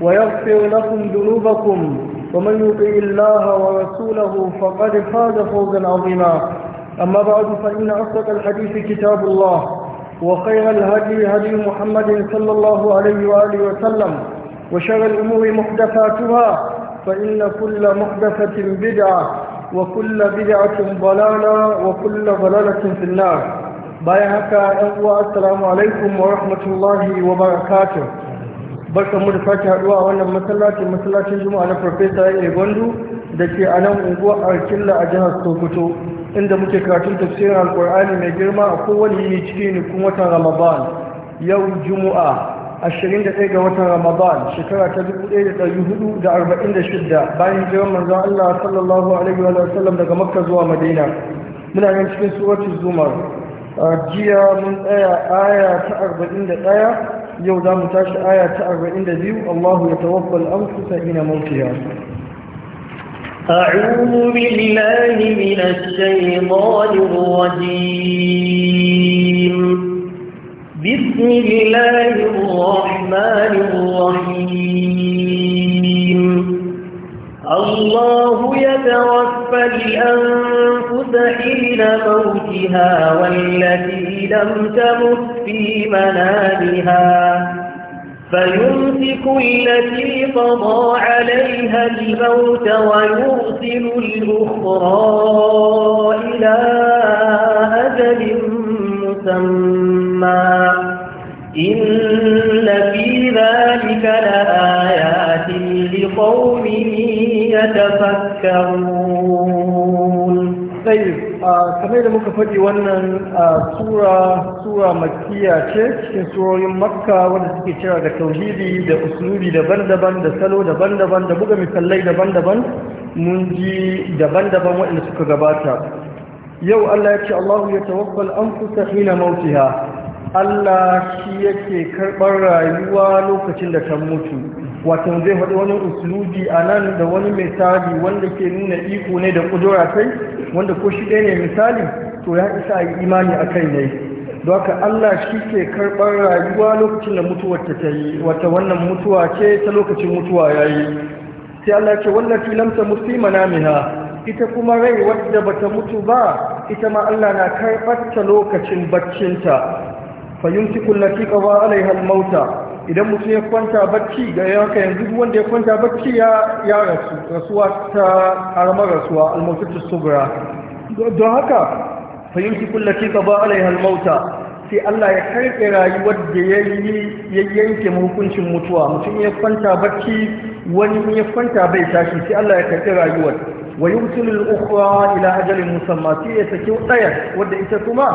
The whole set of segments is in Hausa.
ويغفر لكم ذنوبكم ومن يطع الله ورسوله فقد فاز فوزا عظيما أما بعد فإن أصدق الحديث كتاب الله وخير الهدي هدي محمد صلى الله عليه وآله وسلم وشر الأمور محدثاتها فإن كل محدثة بدعة وكل بدعة ضلالة وكل ضلالة في النار بايعك أقوى السلام عليكم ورحمة الله وبركاته barkan mu da sake haduwa a wannan masallacin masallacin juma'a na farfesa ya gwandu da ke a nan unguwar arkilla a jihar sokoto inda muke karatun tafsirin alkur'ani mai girma a kowane yini cikin nukun watan ramadan yau juma'a 21 ga watan ramadan shekara ta 1446 bayan hijiran manzon allah sallallahu alaihi wa sallam daga makka zuwa madina muna yin cikin suratul zumar jiya mun tsaya aya ta 41 يو دام تاش آية أربعين ذيو الله يتوفى الأنفس حين موتها أعوذ بالله من الشيطان الرجيم بسم الله الرحمن الرحيم الله يتوفى الأنفس حين موتها والتي لم تمت في منامها فيمسك التي قضى عليها الموت ويرسل الأخرى إلى أجل مسمى إن في ذلك لآيات لقوم يتفكرون kamar da muka faɗi wannan a sura sura makiya ce cikin surorin makka wanda suke cewa da tauhidi da usulubi daban-daban da salo daban-daban da buga misalai daban-daban mun ji daban-daban waɗanda suka gabata yau Allah ya ce Allahu ya tawaffal anfusa hina mautiha Allah shi yake karɓar rayuwa lokacin da ta mutu wato zai faɗi wani usuluji a nan da wani misali wanda ke nuna iko ne da kudura sai wanda ko shi ɗaya ne misali to ya isa yi imani a kai ne don haka Allah shi ke karɓar rayuwa lokacin da mutuwar ta yi wata wannan mutuwa ce ta lokacin mutuwa ya yi sai Allah ce wallafi lam ta na mina ita kuma rai wadda bata mutu ba ita ma Allah na karɓar ta lokacin baccinta fa yumsiku allati qawa alaiha al-mauta idan mutum ya kwanta bacci ga yanka yanzu duk wanda ya kwanta bacci ya ya rasu rasuwa ta karamar rasuwa almautu sugura don haka fahimci kullaki ka ba alaiha mauta. sai Allah ya karɓe rayuwar da ya ya yanke hukuncin mutuwa mutum ya kwanta bacci wani ya kwanta bai tashi sai Allah ya karɓe rayuwar wa mutumin ukhra ila ajalin musamma sai ya saki tsaya wadda ita kuma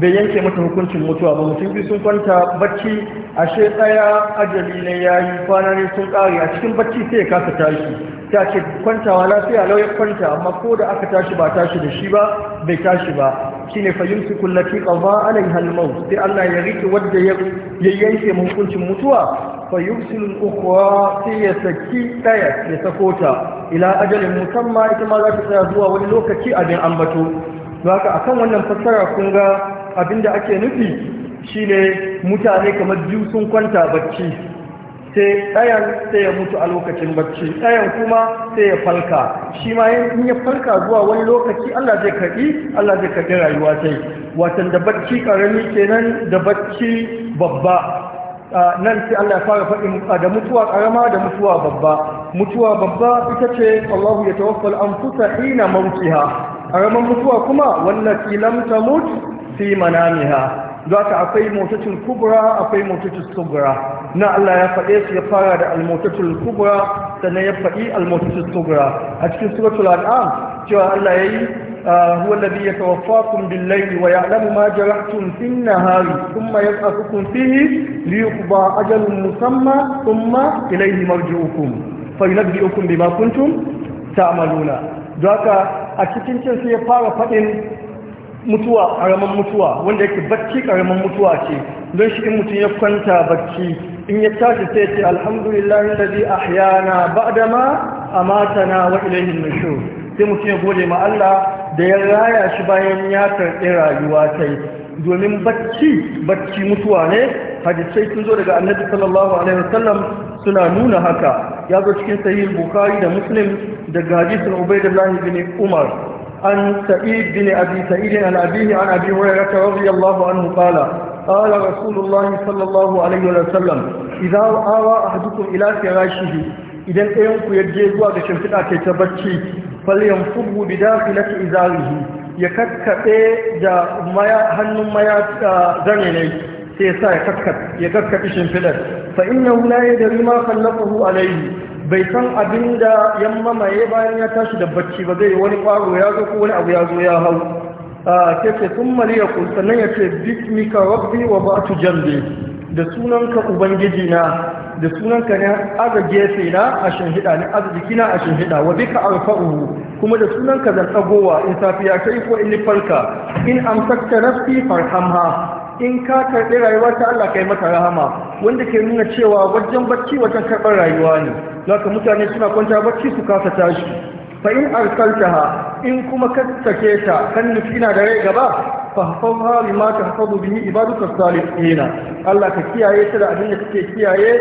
bai yanke mata hukuncin mutuwa ba mutum bi sun kwanta bacci ashe ɗaya ajali ne yayi kwana ne sun ƙare a cikin bacci sai ya kasa tashi ta ce kwantawa lafiya lau ya kwanta amma ko da aka tashi ba tashi da shi ba bai tashi ba shine fa yumsiku allati qada alaiha al sai Allah ya riƙe wanda ya yanke hukuncin mutuwa fa yursilu sai ya saki ɗaya ya sako ta ila ajalin musamman ita ma za ta tsaya zuwa wani lokaci abin ambato ka akan wannan fassara kun ga abin da ake nufi ne, mutane kamar biyu sun kwanta bacci sai ɗayan sai ya mutu a lokacin bacci ɗayan kuma sai ya falka shi ma in ya falka zuwa wani lokaci Allah zai kaɗi, Allah zai karɓi rayuwa sai watan da bacci ƙarami kenan da bacci babba nan sai Allah ya fara faɗin da mutuwa ƙarama da mutuwa babba mutuwa babba ita ce Allahu ya tawaffal anfusa hina mautiha ƙaramin mutuwa kuma wannan lam tamut fi manamiha za ka akwai motocin kubra akwai motocin sugura na Allah ya faɗe su ya fara da almotocin kubra sannan ya faɗi almotocin sugura a cikin suratul al'am cewa Allah ya yi ah, huwa alladhi yatawaffakum bil-layli wa ya'lamu ma jarahtum fin-nahari thumma yab'athukum fihi liyuqda ajalun musamma thumma ilayhi marji'ukum fa yunabbi'ukum bima kuntum ta'maluna Za ka a cikin cin sai ya fara faɗin mutuwa karamin mutuwa wanda yake bacci karamin mutuwa ce don shi in mutum ya kwanta bacci in ya tashi sai ce alhamdulillahi lalzi ahyana ba'dama amatana wa ilayhin nushur sai mutum ya gode ma Allah da ya raya shi bayan ya karɓi rayuwa ta yi domin bacci bacci mutuwa ne hadisai sun zo daga annabi sallallahu alaihi wasallam suna nuna haka ya zo cikin sahih bukhari da muslim daga hadisin ubaidullah bin umar عن سعيد بن أبي سعيد عن أبيه عن أبي هريرة رضي الله عنه قال قال رسول الله صلى الله عليه وسلم إذا آوى أحدكم إلى فراشه إذا أيمكم يجيزوا بشمسك كتبتشي فلينفضه بداخلة إزاره يكككي دا ميا هن ميا زنيني سيسا يككك يككك شمسك فإنه لا يدري ما خلقه عليه bai san abin da yan mamaye bayan ya tashi da bacci ba zai wani ƙwaro ya zo ko wani abu ya zo ya hau sai ce sun ya kusa sannan ya ce bismika rabbi wa ba tu jambe da sunanka ubangiji na da sunanka ne aga gefe na a shinhida ne jiki na a shinhida wa bika arfa'uhu kuma da sunanka zan tsagowa in safiya ta yi ko in ni farka in amsakta nafsi farhamha in ka karɓi rayuwa ta Allah kai mata rahama wanda ke nuna cewa wajen bacci wajen karɓar rayuwa ne zaka mutane suna kwanta bacci su kasa tashi fa in arsaltaha in kuma ka sake ta kan nufi na da rai gaba fahfazha bima tahfazu bihi ibaduka salihina Allah ka kiyaye ta da abin da kake kiyaye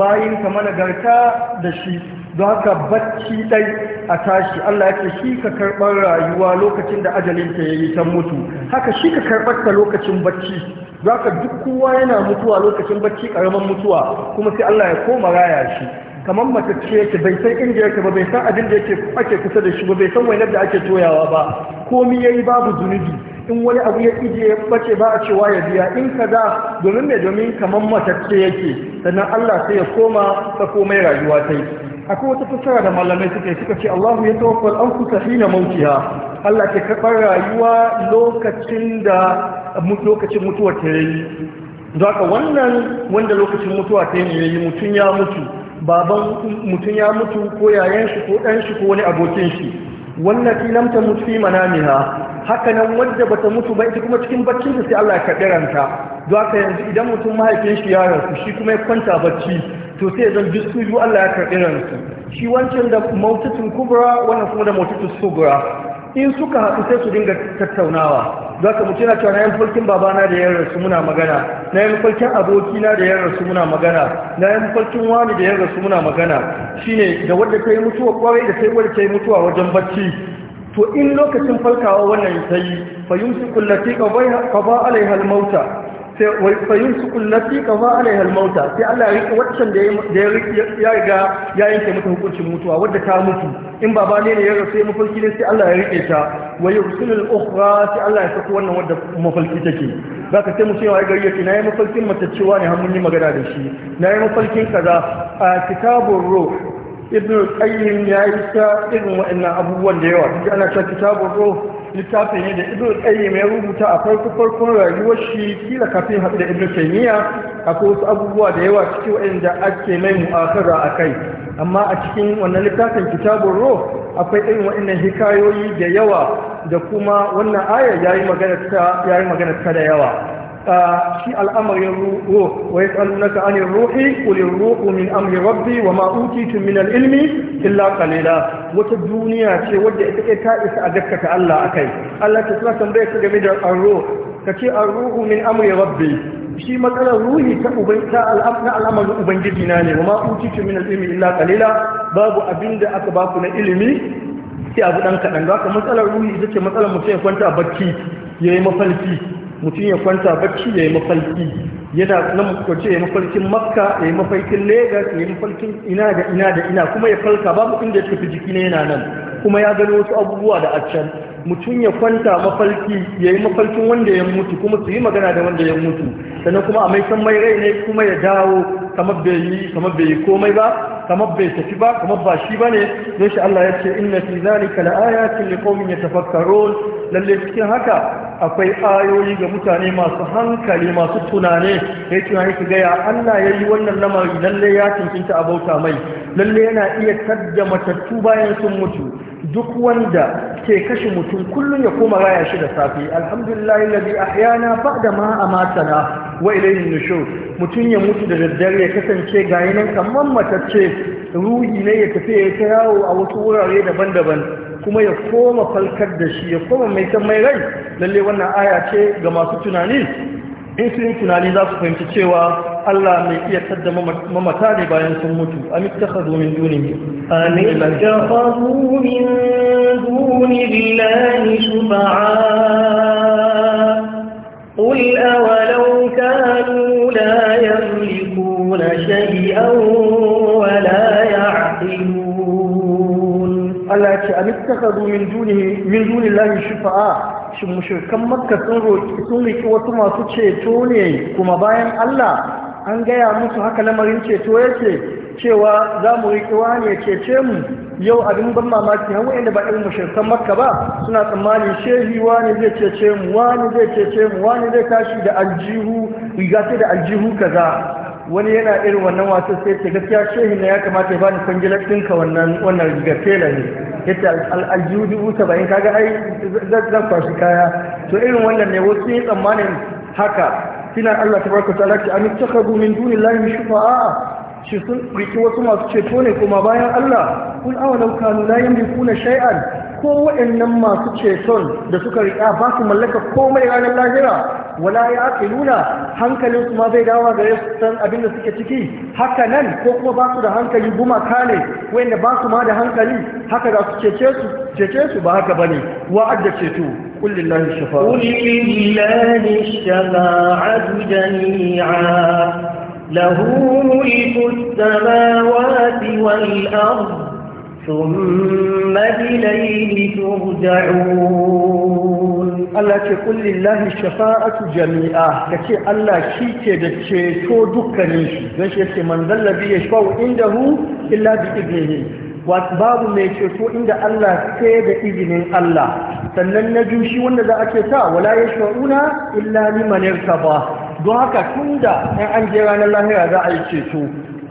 bayin ka mana garta da shi don haka bacci dai a tashi Allah yake shi ka karɓar rayuwa lokacin da ajalin ya yayi ta mutu haka shi ka karɓar ta lokacin bacci zaka duk kowa yana mutuwa lokacin bacci karaman mutuwa kuma sai Allah ya koma raya shi kamar ce yake bai san inda yake ba bai san abin da ake kusa da shi ba bai san wainar da ake toyawa ba komi yayi babu zunubi in wani abu ya ije ya bace ba a cewa ya biya in ka kaza domin mai domin kamar matacce yake sannan Allah sai ya koma ta komai rayuwa ta akwai wata fassara da malamai suka yi suka ce Allahu ya tawaffal anfusa na mautiha Allah ke karɓar rayuwa lokacin da lokacin mutuwa ta yi don wannan wanda lokacin mutuwa ta yi mutum ya mutu baban mutum ya mutu ko yayan shi ko ɗan shi ko wani abokin shi Wannan wallati lam mutu fi manamiha haka nan wanda bata mutu ba ita kuma cikin bacci sai Allah ya ranta. don haka yanzu idan mutum mahaifin shi ya rasu shi kuma ya kwanta bacci to sai zan bi su Allah ya karɓi ransu shi wancan da maututun kubra wannan kuma da maututun sugura in suka haɗu sai su dinga tattaunawa za ka mutu na cewa na yan falkin babana da yan rasu muna magana na yan falkin abokina da yan rasu muna magana na yan falkin wani da yan rasu muna magana shine da wadda ta yi mutuwa kwarai da sai wadda ta yi mutuwa wajen bacci to in lokacin farkawa wannan ta yi fahimci yumsiku ka ba alaiha al fayin su kullati kama alaiha mauta sai Allah ya rike waccan da ya riga ya yanke mata hukuncin mutuwa wadda ta mutu in baba ne ya rasu mafalki ne sai Allah ya riƙe ta wa yursilul ukhra sai Allah ya sako wannan wadda mafalki take ka sai mu ce gari yake yi mafalkin mata cewa ne har mun yi magana da shi Na yi mafalkin kaza a kitabun ruh ibn qayyim ya yi ta irin wa'annan abubuwan da yawa duk ana cikin kitabun ruh littafin ne da ibn qayyim ya rubuta a farko farkon rayuwar shi kila kafin haɗu da ibn taymiya akwai wasu abubuwa da yawa cikin wa'anda ake mai mu'akara a kai amma a cikin wannan littafin kitabun ruh akwai irin wa'annan hikayoyi da yawa da kuma wannan aya yayi magana ta magana ta da yawa shi al'amarin ruh wa yas'alunaka anir ruhi qul ruhu min amri rabbi wa ma utitu min al-ilmi illa qalila wata duniya ce wadda ita ta isa a dakkata Allah akai Allah ta tsaya tambaye ka game da ar-ruh kace ar-ruhu min rabbi shi matsalar ruhi ta al'amna al'amarin ubangiji na ne wa ma utitu min al-ilmi illa qalila babu abinda aka baku na ilimi sai abu dan kadan haka matsalar ruhi ita ce matsalar mutum ya kwanta a bacci yayi mafalki mutum ya kwanta bacci ya yi mafalki yana nan kwace ya mafalkin makka ya yi mafalkin lagos ya yi mafalkin ina da ina da ina kuma ya falka babu inda ya tafi jiki na yana nan kuma ya gano wasu abubuwa da a can mutum ya kwanta mafalki ya yi mafalkin wanda ya mutu kuma su yi magana da wanda ya mutu sannan kuma a mai san mai rai ne kuma ya dawo kamar bai yi kamar bai yi komai ba kamar bai tafi ba kamar ba shi bane don shi Allah ya ce inna fi zalika laayatin liqaumin yatafakkarun lalle cikin haka akwai ayoyi ga mutane masu hankali masu tunane ya tunani su gaya Allah ya yi wannan lamari lalle ya cincinta a bauta mai lalle yana iya tadda matattu bayan sun mutu duk wanda ke kashe mutum kullum ya koma raya shi da safe alhamdulillah lalli ahyana ba ma a matana wa ilayhin nushur mutum ya mutu da daddare ya kasance ga nan kamar matacce ruhi ne ya tafi ya kirawo a wasu wurare daban-daban kuma ya koma falkar da shi ya koma mai san mai rai lalle wannan aya ce ga masu tunani in sun tunani za su fahimci cewa Allah mai iya tadda mamata ne bayan sun mutu a mittakhadhu min dunihi an ittakhadhu min dunillahi shufa'a قل أولو كانوا لا يملكون شيئا ولا يعقلون الله يتشاء أن اتخذوا من دونه من دون الله شفعاء shin mushrikan makka sun roƙi sun riƙi wasu masu ceto ne kuma bayan Allah an gaya musu haka lamarin ceto yake cewa za mu riƙi wani ya cece mu yau abin ban mamaki har wa'inda ba irin mashirkan makka ba suna tsammanin shehi wani zai cece mu wani zai cece mu wani zai tashi da aljihu riga sai da aljihu kaza wani yana irin wannan wasu sai ce gaskiya shehi na ya kamata ya bani kwangilar ɗinka wannan wannan rigar tela ne yadda aljihu dubu saba'in kaga ai zan kwashi kaya to irin wannan ne wasu yi tsammanin haka suna Allah ta barka ta'ala ki amin takabu min dunillahi shufa'a shi sun riki wasu masu ceto ne kuma bayan Allah kun awalau kanu la yamlikuna shay'an ko waɗannan masu ceton da suka riƙa ba su mallaka komai ranar lahira wala ya nuna hankalin su ma bai dawa ga san abin da suke ciki haka nan ko kuma ba su da hankali gumaka ne wanda ba su ma da hankali haka za su cece su cece su ba haka bane wa'ad da ceto قل لله الشفاعة قل لله الشفاعة جميعا له ملك السماوات والأرض ثم إليه ترجعون الله تقول لله الشفاعة جميعا كتي الله شيء تدتشي تو دكني يسي من ذا الذي يشفع عنده إلا بإذنه babu mai ceto inda Allah sai da izinin Allah sannan na biyu wanda za a ce sa wala yashfa'una illa liman yartaba don haka tunda in an je ranar lahira za a yi ceto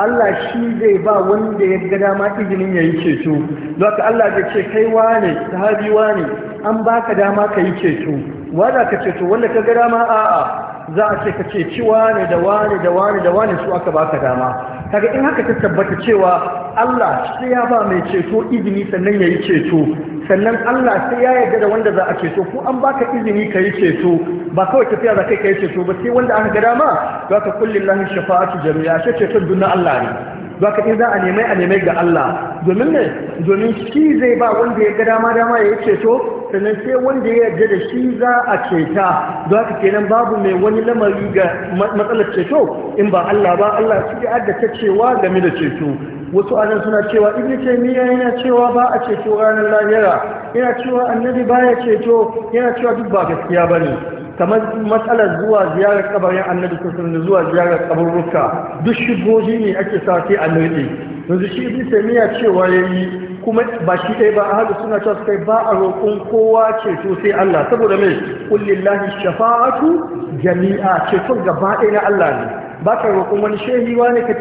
Allah shi zai ba wanda ya ga dama izinin yayi ceto don haka Allah zai ce kai wane sahabi wane an baka dama ka yi ceto wa za ka ceto wanda ka ga dama a'a za a ce ka ce ciwa ne da wane da wane da wane su aka baka dama kaga in haka ta tabbata cewa Allah sai ya ba mai ceto izini sannan ya yi ceto sannan Allah sai ya yarda da wanda za a ceto ko an baka izini ka yi ceto ba kawai tafiya za kai ka yi ceto ba sai wanda aka ga dama za ka kullin shafa'atu jami'a ce dunna Allah ne za ka za a nemai a nemai ga Allah domin ne domin shi zai ba wanda ya ga dama dama ya yi ceto sannan sai wanda ya yarda da shi za a ceta za ka kenan babu mai wani lamari ga matsalar ceto in ba Allah ba Allah shi ya addata cewa game da ceto wasu anan suna cewa ibn taymiya yana cewa ba a ceto ranar lahira yana cewa annabi baya ceto yana cewa duk ba gaskiya bane kamar matsalar zuwa ziyarar kabarin annabi sosai da zuwa ziyarar kaburruka duk shigoji ne ake sa sai a nirɗe yanzu shi sai taymiya cewa yayi kuma ba shi ɗaya ba ahadu suna cewa ba a roƙon kowa ceto sai Allah saboda mai kullillahi shafa'atu jami'a ceton gaba ɗaya na Allah ne ba ka roƙon wani shehi wani ka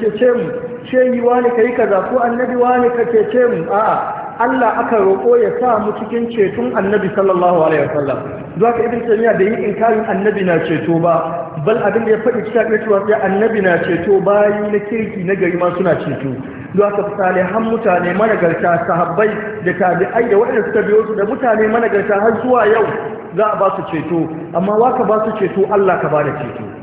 cece mu shehi wani ka yi kaza ko annabi wani ka cece mu a'a Allah aka roƙo ya sa mu cikin ceton annabi sallallahu alaihi wasallam zuwa ka ibn taymiya da yin inkarin annabi na ceto ba bal abin da ya faɗi cikin cewa sai annabi na ceto bayi na kirki na gari ma suna ceto zuwa ka salihan mutane managarta sahabbai da tabi'ai da waɗanda suka biyo su da mutane managarta har zuwa yau za a ba su ceto amma waka ba su ceto Allah ka ba da ceto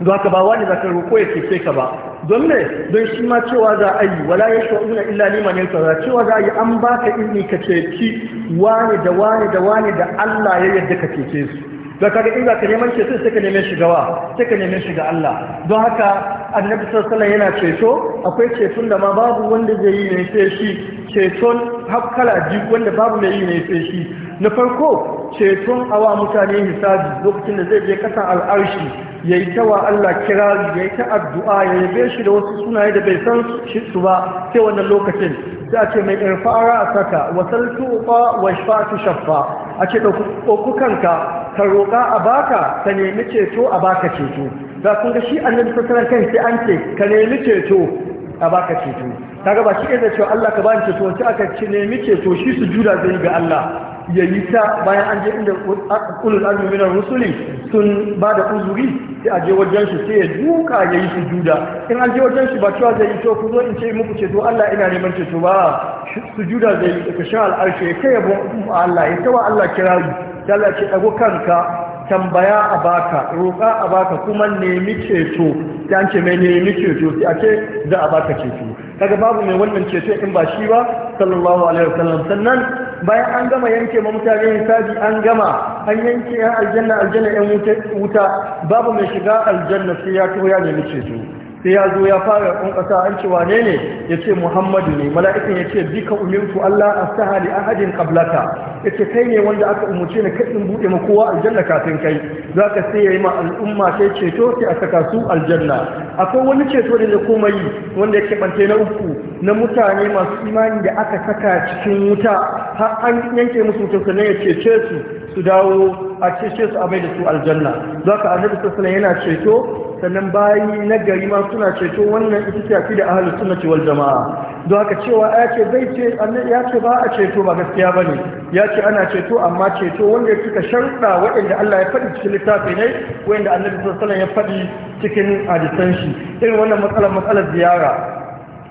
don haka ba wani zakar ko ya keke ka ba don ne don shi ma cewa za a yi wala ya shawuna illa liman yansara cewa za a yi an baka izini ka ki wani da wani da wani da Allah ya yadda ka cece su da kaga inda ka neman ceto sai ka neman shigawa sai ka neman shiga Allah don haka annabi sallallahu yana ceto akwai ceton da ma babu wanda zai yi ne sai shi ceton hakkala ji wanda babu mai yi ne sai shi na farko ceton awa mutane hisabi lokacin da zai je kasa al'arshi yayi tawa Allah kira yayi ta addu'a ya be shi da wasu sunaye da bai san shi su ba sai wannan lokacin sai ce mai irfa'a a saka wasaltu wa shafa'atu shaffa a ce kanka ka roƙa a baka ka nemi ceto a baka ceto za kun ga shi annabi sallallahu alaihi sai an ce ka nemi ceto a baka ceto kaga ba shi da cewa Allah ka bani ceto wanda aka ce nemi ceto shi sujuda zai ga Allah ya yi ta bayan an je inda ulul azmi minar rusuli sun ba da uzuri sai a je wajen shi sai ya duka ya yi sujuda in an je wajen shi ba cewa zai yi to ku zo in ce muku ceto Allah ina neman ceto ba sujuda zai yi ka sha ya kai yabo Allah ya tawa Allah kirari Allah ce dago kanka tambaya a baka roƙa a baka kuma nemi ceto ta ce mai nemi ceto sai a ce za a baka ceto kaga babu mai wannan ceto in ba shi ba sallallahu alaihi wasallam sannan bayan an gama yanke ma mutane hisabi an gama an yanke ya aljanna aljanna yan wuta babu mai shiga aljanna sai ya to ya nemi ceto sai ya zo ya fara kunkasa an cewa wane ne ya ce muhammadu ne mala'ikan ya ce bika umirtu allah a a ahadin kablaka ya ce kai ne wanda aka umarce na kaɗin buɗe ma kowa aljanna kafin kai za ka sai ya yi ma al'umma sai ceto sai a saka su aljanna akwai wani ceto da na koma yi wanda ya keɓance na uku na mutane masu imani da aka saka cikin wuta har an yanke musu wutar ya cece su su dawo a cece su a mai da su aljanna za ka annabi sassana yana ceto sannan bayi na gari ma suna ceto wannan ita ce akida ahlus sunnati wal jamaa don haka cewa ya ce zai ce annabi ya ce ba a ceto ba gaskiya bane ya ce ana ceto amma ceto wanda ya cika sharuɗa waɗanda Allah ya faɗi cikin littafi ne waɗanda annabi sallallahu ya faɗi cikin hadisan shi irin wannan matsalar matsalar ziyara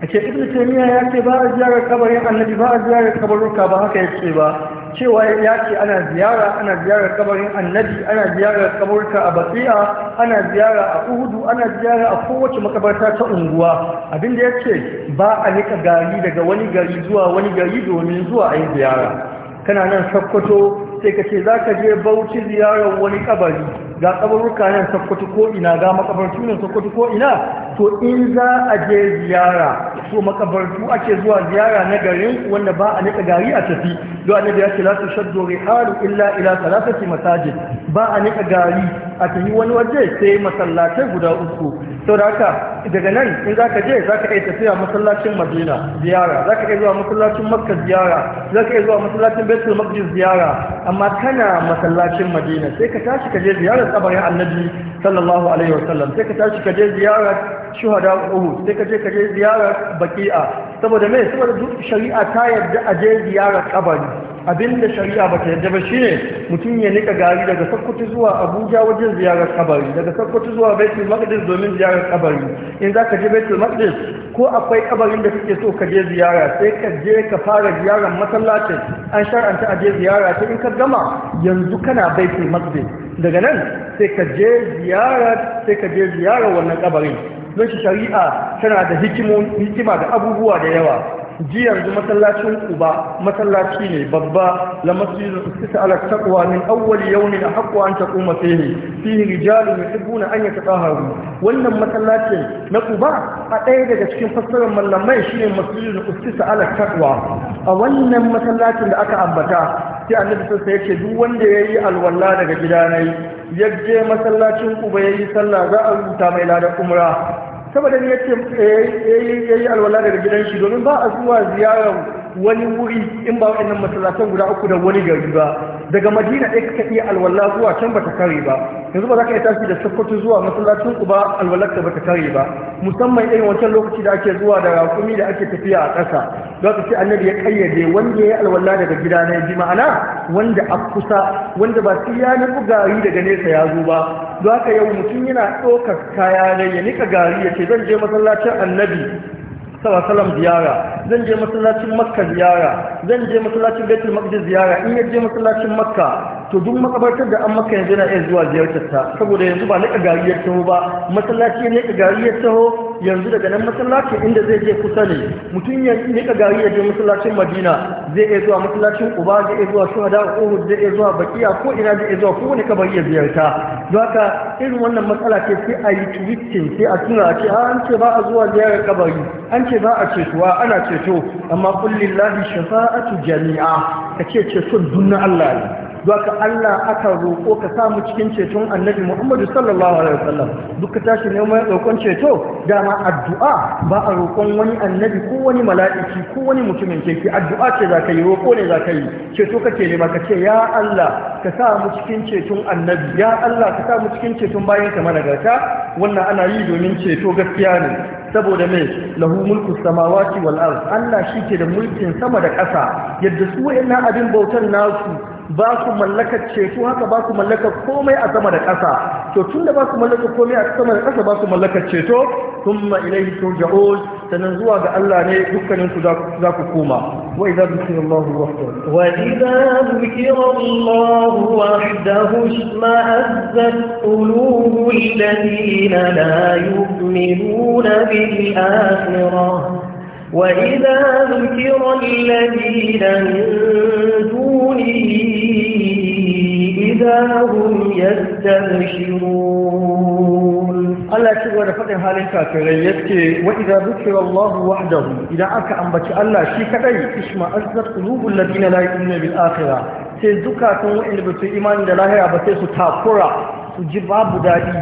ake ibn taymiya ya ce ba a ziyarar kabarin annabi ba a ziyarar kabaruka ba haka ya ce ba cewa ya ce ana ziyara ana ziyarar kabarin annabi ana ziyarar kaburka a batsiya ana ziyara a uhudu ana ziyara a kowace makabarta ta unguwa abinda ya ce ba a nika gari daga wani gari zuwa wani gari domin zuwa a yi ziyara kana nan sakkwato sai ka ce za ka je bauchi ziyarar wani kabari ga kabaruka nan sakkwato ko ina ga makabartu nan sakkwato ko ina to in za a je ziyara to makabartu ake zuwa ziyara na garin wanda ba a nika gari a tafi zuwa annabi ya ce la su shaddo rihalu illa ila salatati masajid ba a nika gari a tafi wani waje sai masallatai guda uku saboda haka daga nan in za ka je za ka iya tafiya masallacin madina ziyara za ka iya zuwa masallacin makka ziyara za ka iya zuwa masallacin betul maqdis ziyara amma kana masallacin madina sai ka tashi ka je ziyarar tsabarin annabi sallallahu alaihi sallam, sai ka tashi ka je ziyarar shuhada Uhu, sai ka je ka je ziyarar baqi'a saboda me saboda duk shari'a ta yadda a je ziyarar kabari abinda shari'a ba ta yadda ba shine mutum ya nika gari daga sakkwato zuwa abuja wajen ziyarar kabari daga sakkwato zuwa baitul maqdis domin ziyarar kabari in za ka je baitul maqdis ko akwai kabarin da kake so ka je ziyara sai ka je ka fara ziyarar masallacin an shar'anta a je ziyara sai in ka gama yanzu kana baitul maqdis daga nan sai ka je ziyara sai ka je ziyara wannan kabarin don shi shari'a tana da hikima da abubuwa da yawa ji yanzu masallacin kuba masallaci ne babba la masjidu sita ala taqwa min awwal yawmin haqqu an taquma fihi fihi rijalun yuhibbuna an yatahharu wannan masallacin na kuba a ɗaya daga cikin fassarar mallamai shine masjidu sita ala taqwa a wannan masallacin da aka ambata sai annabi sai yake duk wanda yayi alwala daga gidanai, yaje masallacin kuba ya yi sallah za a rubuta mai ladar umra saboda ne yace eh, yayi alwala daga gidan shi domin ba a zuwa ziyarar wani wuri in ba waɗannan masallatan guda uku da wani gari ba daga madina ɗaya ka iya alwala zuwa can ba ta kare ba yanzu ba za ka yi tashi da sakkwato zuwa masallacin ku ba alwalarka ba ta kare ba musamman irin wancan lokaci da ake zuwa da rakumi da ake tafiya a ƙasa za ka ce annabi ya kayyade wanda ya yi alwala daga gida na yaji ma'ana wanda a kusa wanda ba su ya nufi gari daga nesa ya zo ba za ka yau mutum yana ɗaukar kaya ne ya nika gari ya ce zan je masallacin annabi sallallahu ziyara zan je masallacin makka ziyara zan je masallacin baitul maqdis ziyara in je masallacin makka to duk makabartar da an maka yanzu na iya zuwa ziyartar ta saboda yanzu ba nika gari ya taho ba masallaci ne nika gari taho yanzu daga nan masallacin inda zai je kusa ne mutum ya nika gari ya je masallacin madina zai iya zuwa masallacin uba zai iya zuwa shuhada uhud zai iya zuwa bakiya ko ina zai iya zuwa ko wani kabari ya ziyarta don haka irin wannan matsala ce sai a yi tweeting sai a tura a ce ah, an ce ba a zuwa ziyarar kabari an ce ba a cetuwa ana ceto amma kullillahi shafa'atu jami'a kace ceton dunna Allah Duka Allah aka roƙo ka samu cikin ceton annabi Muhammadu sallallahu alaihi wasallam duka tashi neman roƙon ceto dama addu'a ba a roƙon wani annabi ko wani mala'iki ko wani mutumin kirki addu'a ce ka yi roƙo ne ka yi ceto kake ne ka ce ya Allah ka sa mu cikin ceton annabi ya Allah ka sa mu cikin ceton bayan ka managarta wannan ana yi domin ceto gaskiya ne saboda mai lahu mulku samawati wal ard Allah shike da mulkin sama da ƙasa yadda su wayannan abin bautan nasu ba su mallakar ceto haka ba su mallakar komai a sama da ƙasa to tunda da ba su mallakar komai a sama da ƙasa ba su mallakar ceto sun ma ilaihi turja'un sanan zuwa ga Allah ne dukkanin ku za ku koma wa idza dhukira Allahu wahdahu wa idza dhukira Allahu wahdahu isma'azzat qulubu alladhina la yu'minuna bil akhirah وإذا ذكر الذين من دونه إذا هم يستبشرون الله يقول فقه حالك كري يبكي وإذا ذكر الله وحده إذا أكا أنبك الله شيك أي اسمع أزدت قلوب الذين لا يؤمنون بالآخرة سيزكاكم وإن بسي إيمان لله أبسيس تاكرا سجي باب دادي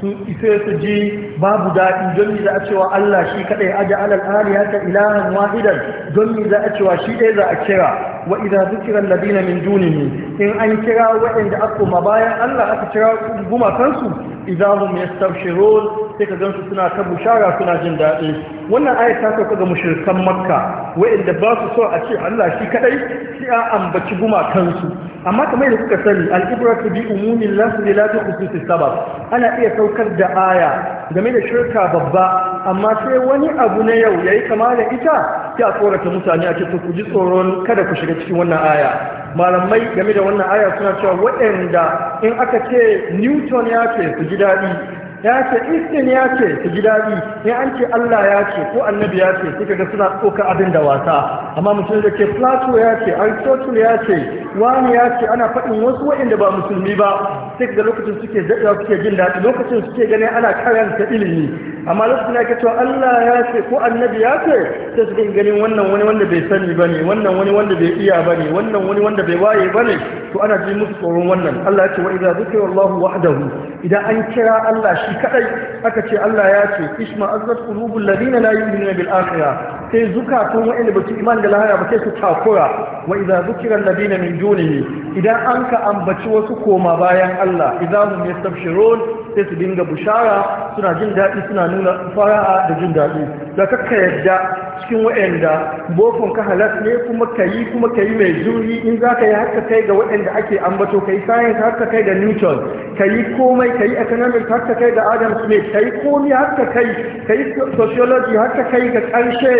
sun isa su ji babu daɗi don mi za a cewa Allah shi kaɗai aja alal aliyata ilahan wahidan don mi za a cewa shi ɗaya za a kira wa idan zikiran ladina min dunihi in an kira waɗanda aka ma bayan Allah aka kira gumakansu idan hum yastabshirun sai ka gansu suna ta bushara suna jin daɗi wannan ayat ta sauka ga mushrikan makka wa'inda ba su so a ce Allah shi kadai sai a ambaci gumakansu amma kamar da kuka sani su bi umumin lafi da lafi khususi sabab ana iya saukar da aya game da shirka babba amma sai wani abu na yau yayi kama da ita ya tsorata mutane a cikin ku ji tsoron kada ku shiga cikin wannan aya malamai game da wannan aya suna cewa waɗanda in aka ce newton ya ce su ji daɗi ya ce istin ya ce su ji daɗi in an ce Allah ya ce ko annabi ya ce suka ga suna tsoka abin da wasa amma mutum da ke plato ya ce aristotle ya ce wani ya ce ana faɗin wasu waɗanda ba musulmi ba sai ga lokacin suke daɗewa suke jin daɗi lokacin suke ganin ana karanta ilimi amma lokacin da ke cewa Allah ya ce ko annabi ya ce sai su ganin wannan wani wanda bai sani ba ne wannan wani wanda bai iya ba ne wannan wani wanda bai waye ba ne to ana ji musu tsoron wannan Allah ya ce wa idza zikra Allahu wahdahu idan an kira Allah shi shi kadai aka ce Allah ya ce isma azzat qulubul ladina la yu'minuna bil akhirah sai zukatun wa'anda basu iman da lahira ba sai su takura wa idza zukira ladina min dunihi idan an ka ambaci wasu koma bayan Allah idza hum yastabshirun sai su dinga bushara suna jin dadi suna nuna fara'a da jin dadi da kakka yadda cikin wa'anda bokon ka halas ne kuma kayi kuma kayi mai zurri in za ka yi haka kai ga wa'anda ake ambato kai science haka kai ga newton kayi komai kayi economics haka kai da. adam smith ka yi komi haka kai ka yi sociology haka kai ga ƙarshe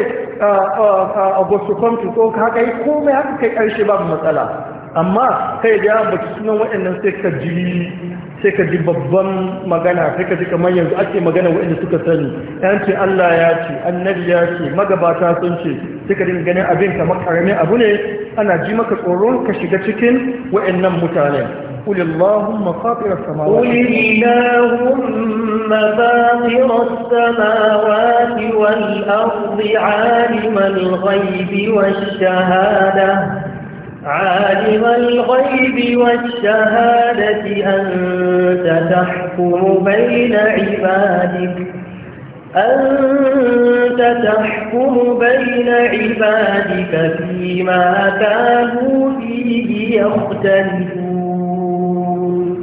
a bosokom tuto ka haka yi komai haka kai ƙarshe babu matsala amma kai da yaran baki sunan waɗannan sai ka ji sai ka ji babban magana sai ka ji kamar yanzu ake magana waɗanda suka sani yanci Allah ya ce annabi ya ce magabata sun ce sai ka dinga ganin abin kamar karamin abu ne ana ji maka tsoron ka shiga cikin waɗannan mutane. قل اللهم فاطر السماوات قل اللهم فاطر السماوات والأرض عالم الغيب والشهادة عالم الغيب والشهادة أنت تحكم بين عبادك أنت تحكم بين عبادك فيما كانوا فيه يختلفون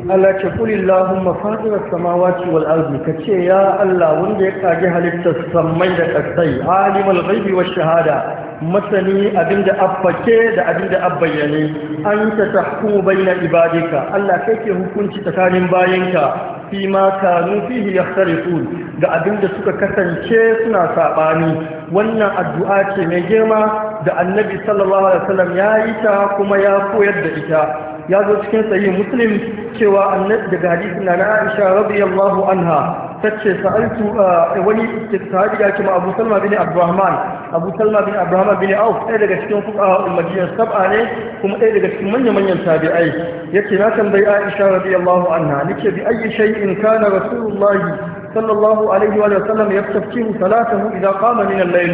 Allah ce kulillahumma fatirar samawati wal Ka kace ya Allah wanda ya kaji halittar sammai da kasai alimul ghaibi wash shahada masani abinda abbake da da abayyane. an ta tahkumu bayna ibadika Allah kai ke hukunci tsakanin bayanka fi ma kanu fihi yaftariqun ga abinda suka kasance suna sabani wannan addu'a ce mai girma da Annabi sallallahu alaihi wasallam yayi ta kuma ya koyar da ita ya zo cikin sahih muslim cewa annabi daga hadisin na Aisha radiyallahu anha tace sa'altu eh, wani sahabi ya ma Abu Salma bin Abdurrahman Abu Salma bin Abdurrahman bin Auf ɗaya daga cikin fuqaha Madina sab'a ne kuma ɗaya daga cikin manyan manyan tabi'ai ce na tambayi Aisha radiyallahu anha nake bi ayyi shay'in kana Rasulullahi sallallahu alaihi wa sallam ya yastafkihu salatahu idza qama min al-layl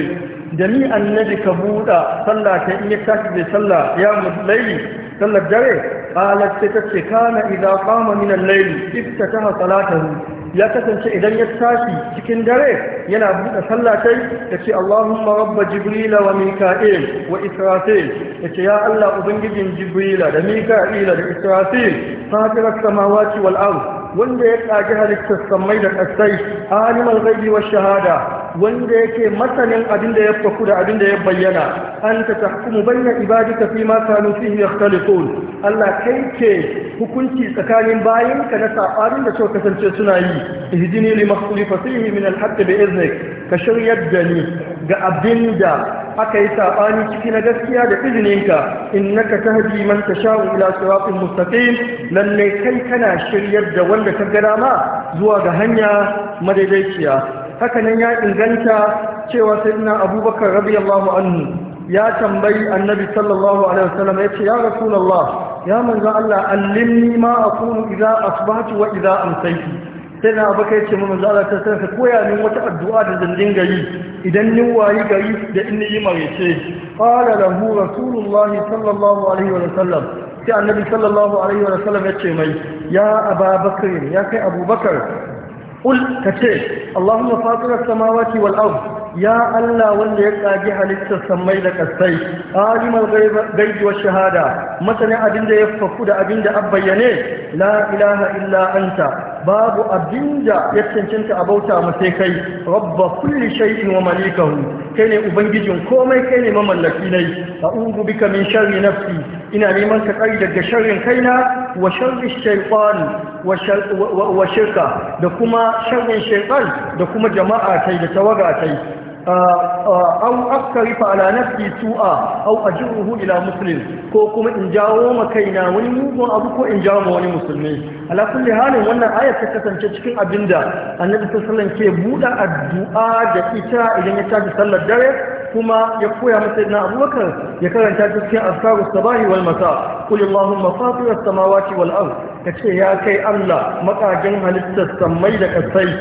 jami'an nabi ka buɗa sallah ta in ya tashi da sallah ya mulaili sallar dare qalat ta ce kana idza qama min al-layl iftataha salatahu ya kasance idan ya tashi cikin dare yana buɗe sallatai ya ce Allahumma rabba jibrila wa mika'il wa israfil ya ce ya Allah ubangijin jibrila da mika'ila da israfil fatirar samawati wal ard wanda ya kage halittar samai da kasai alimul ghaibi wash shahada wanda yake masanin abin da ya faku da abin da ya bayyana an ta tahkumu bayna ibadika fi ma kanu fihi yakhtalifun Allah kai ke hukunci tsakanin bayin ka na sabarin da so kasance suna yi ihdini li makhtulifa fihi min al-haqq bi iznik ka shiryar da ni ga abin da aka yi sabani ciki na gaskiya da izininka innaka tahdi man tashau ila siratin mustaqim lalle kai kana shiryar da wanda ka gana ma zuwa ga hanya madaidaiciya haka nan ya inganta cewa sai ina abubakar radiyallahu anhu ya tambayi annabi sallallahu alaihi wasallam ya ce ya rasulallah. ya manzo Allah allimni ma aqulu idza asbahtu wa idza amsaytu sai na abu kai ce mun zara ta sai ka koya min wata addu'a da zan gari idan ni wayi gari da in ni marice qala lahu rasulullah sallallahu alaihi wa sallam sai annabi sallallahu alaihi wa sallam ya ce mai ya ababakar ya kai abubakar Ƙul ka ce Allahumma fatirar samawati wal abu. ya Allah wanda ya tsage halittar mai da ƙasai Alimar gaibi wa shahada masanin abin da ya faku da abin da bayyane. la ilaha illa anta babu abinda ya cancanta a bauta ma sai kai rabba kulli shay'in wa malikahu kai ne ubangijin komai kai ne mamallaki nai a'udhu bika min sharri nafsi ina neman ka daga sharrin kaina wa sharri shaytan wa shirka da kuma sharrin shaytan da kuma jama'a kai da tawaga kai au askarifa ala nafsi su'a au ajruhu ila musulun, ko kuma in jawo ma kaina wani mugun abu ko in jawo ma wani musulmi ala kulli halin wannan ayat ta kasance cikin abinda annabi sallallahu alaihi wasallam ke buɗe addu'a da ita idan ya tashi sallar dare kuma ya koya masa na abubakar ya karanta ta cikin askarus sabahi wal masa kul allahumma fatir as-samawati wal ya kai Allah makajin halittar samai da kasai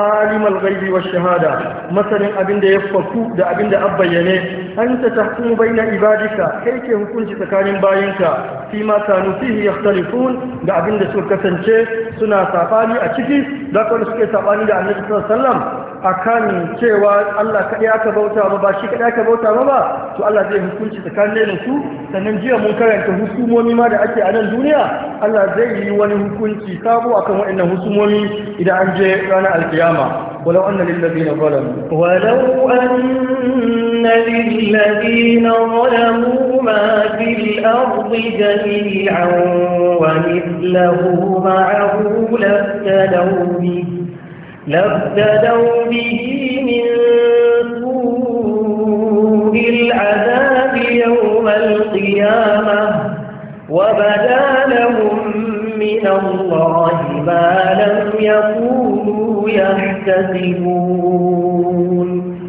alimul ghaibi shahada masanin abin da ya faku da abin da bayyane. Hanta tahkumu baina ibadika kai ke hukunci tsakanin bayinka fi ma kanu fihi yakhtalifun da abin da suka kasance suna safani a ciki da kuma suke safani da Annabi sallallahu alaihi wasallam akan cewa Allah kaɗai aka bauta ba ba shi kaɗai aka bauta ba ba to Allah zai hukunci tsakanin da su sannan jiya mun karanta hukumomi ma da ake a nan duniya Allah zai yi wani hukunci sabo akan waɗannan hukumomi idan an je ranar alkiyama ولو أن للذين ظلموا ولو أن للذين ظلموا ما في الأرض جميعا ومثله معه لافتدوا به لابتدوا به من سوء العذاب يوم القيامة وبدا لهم من الله ما لم يكونوا يحتسبون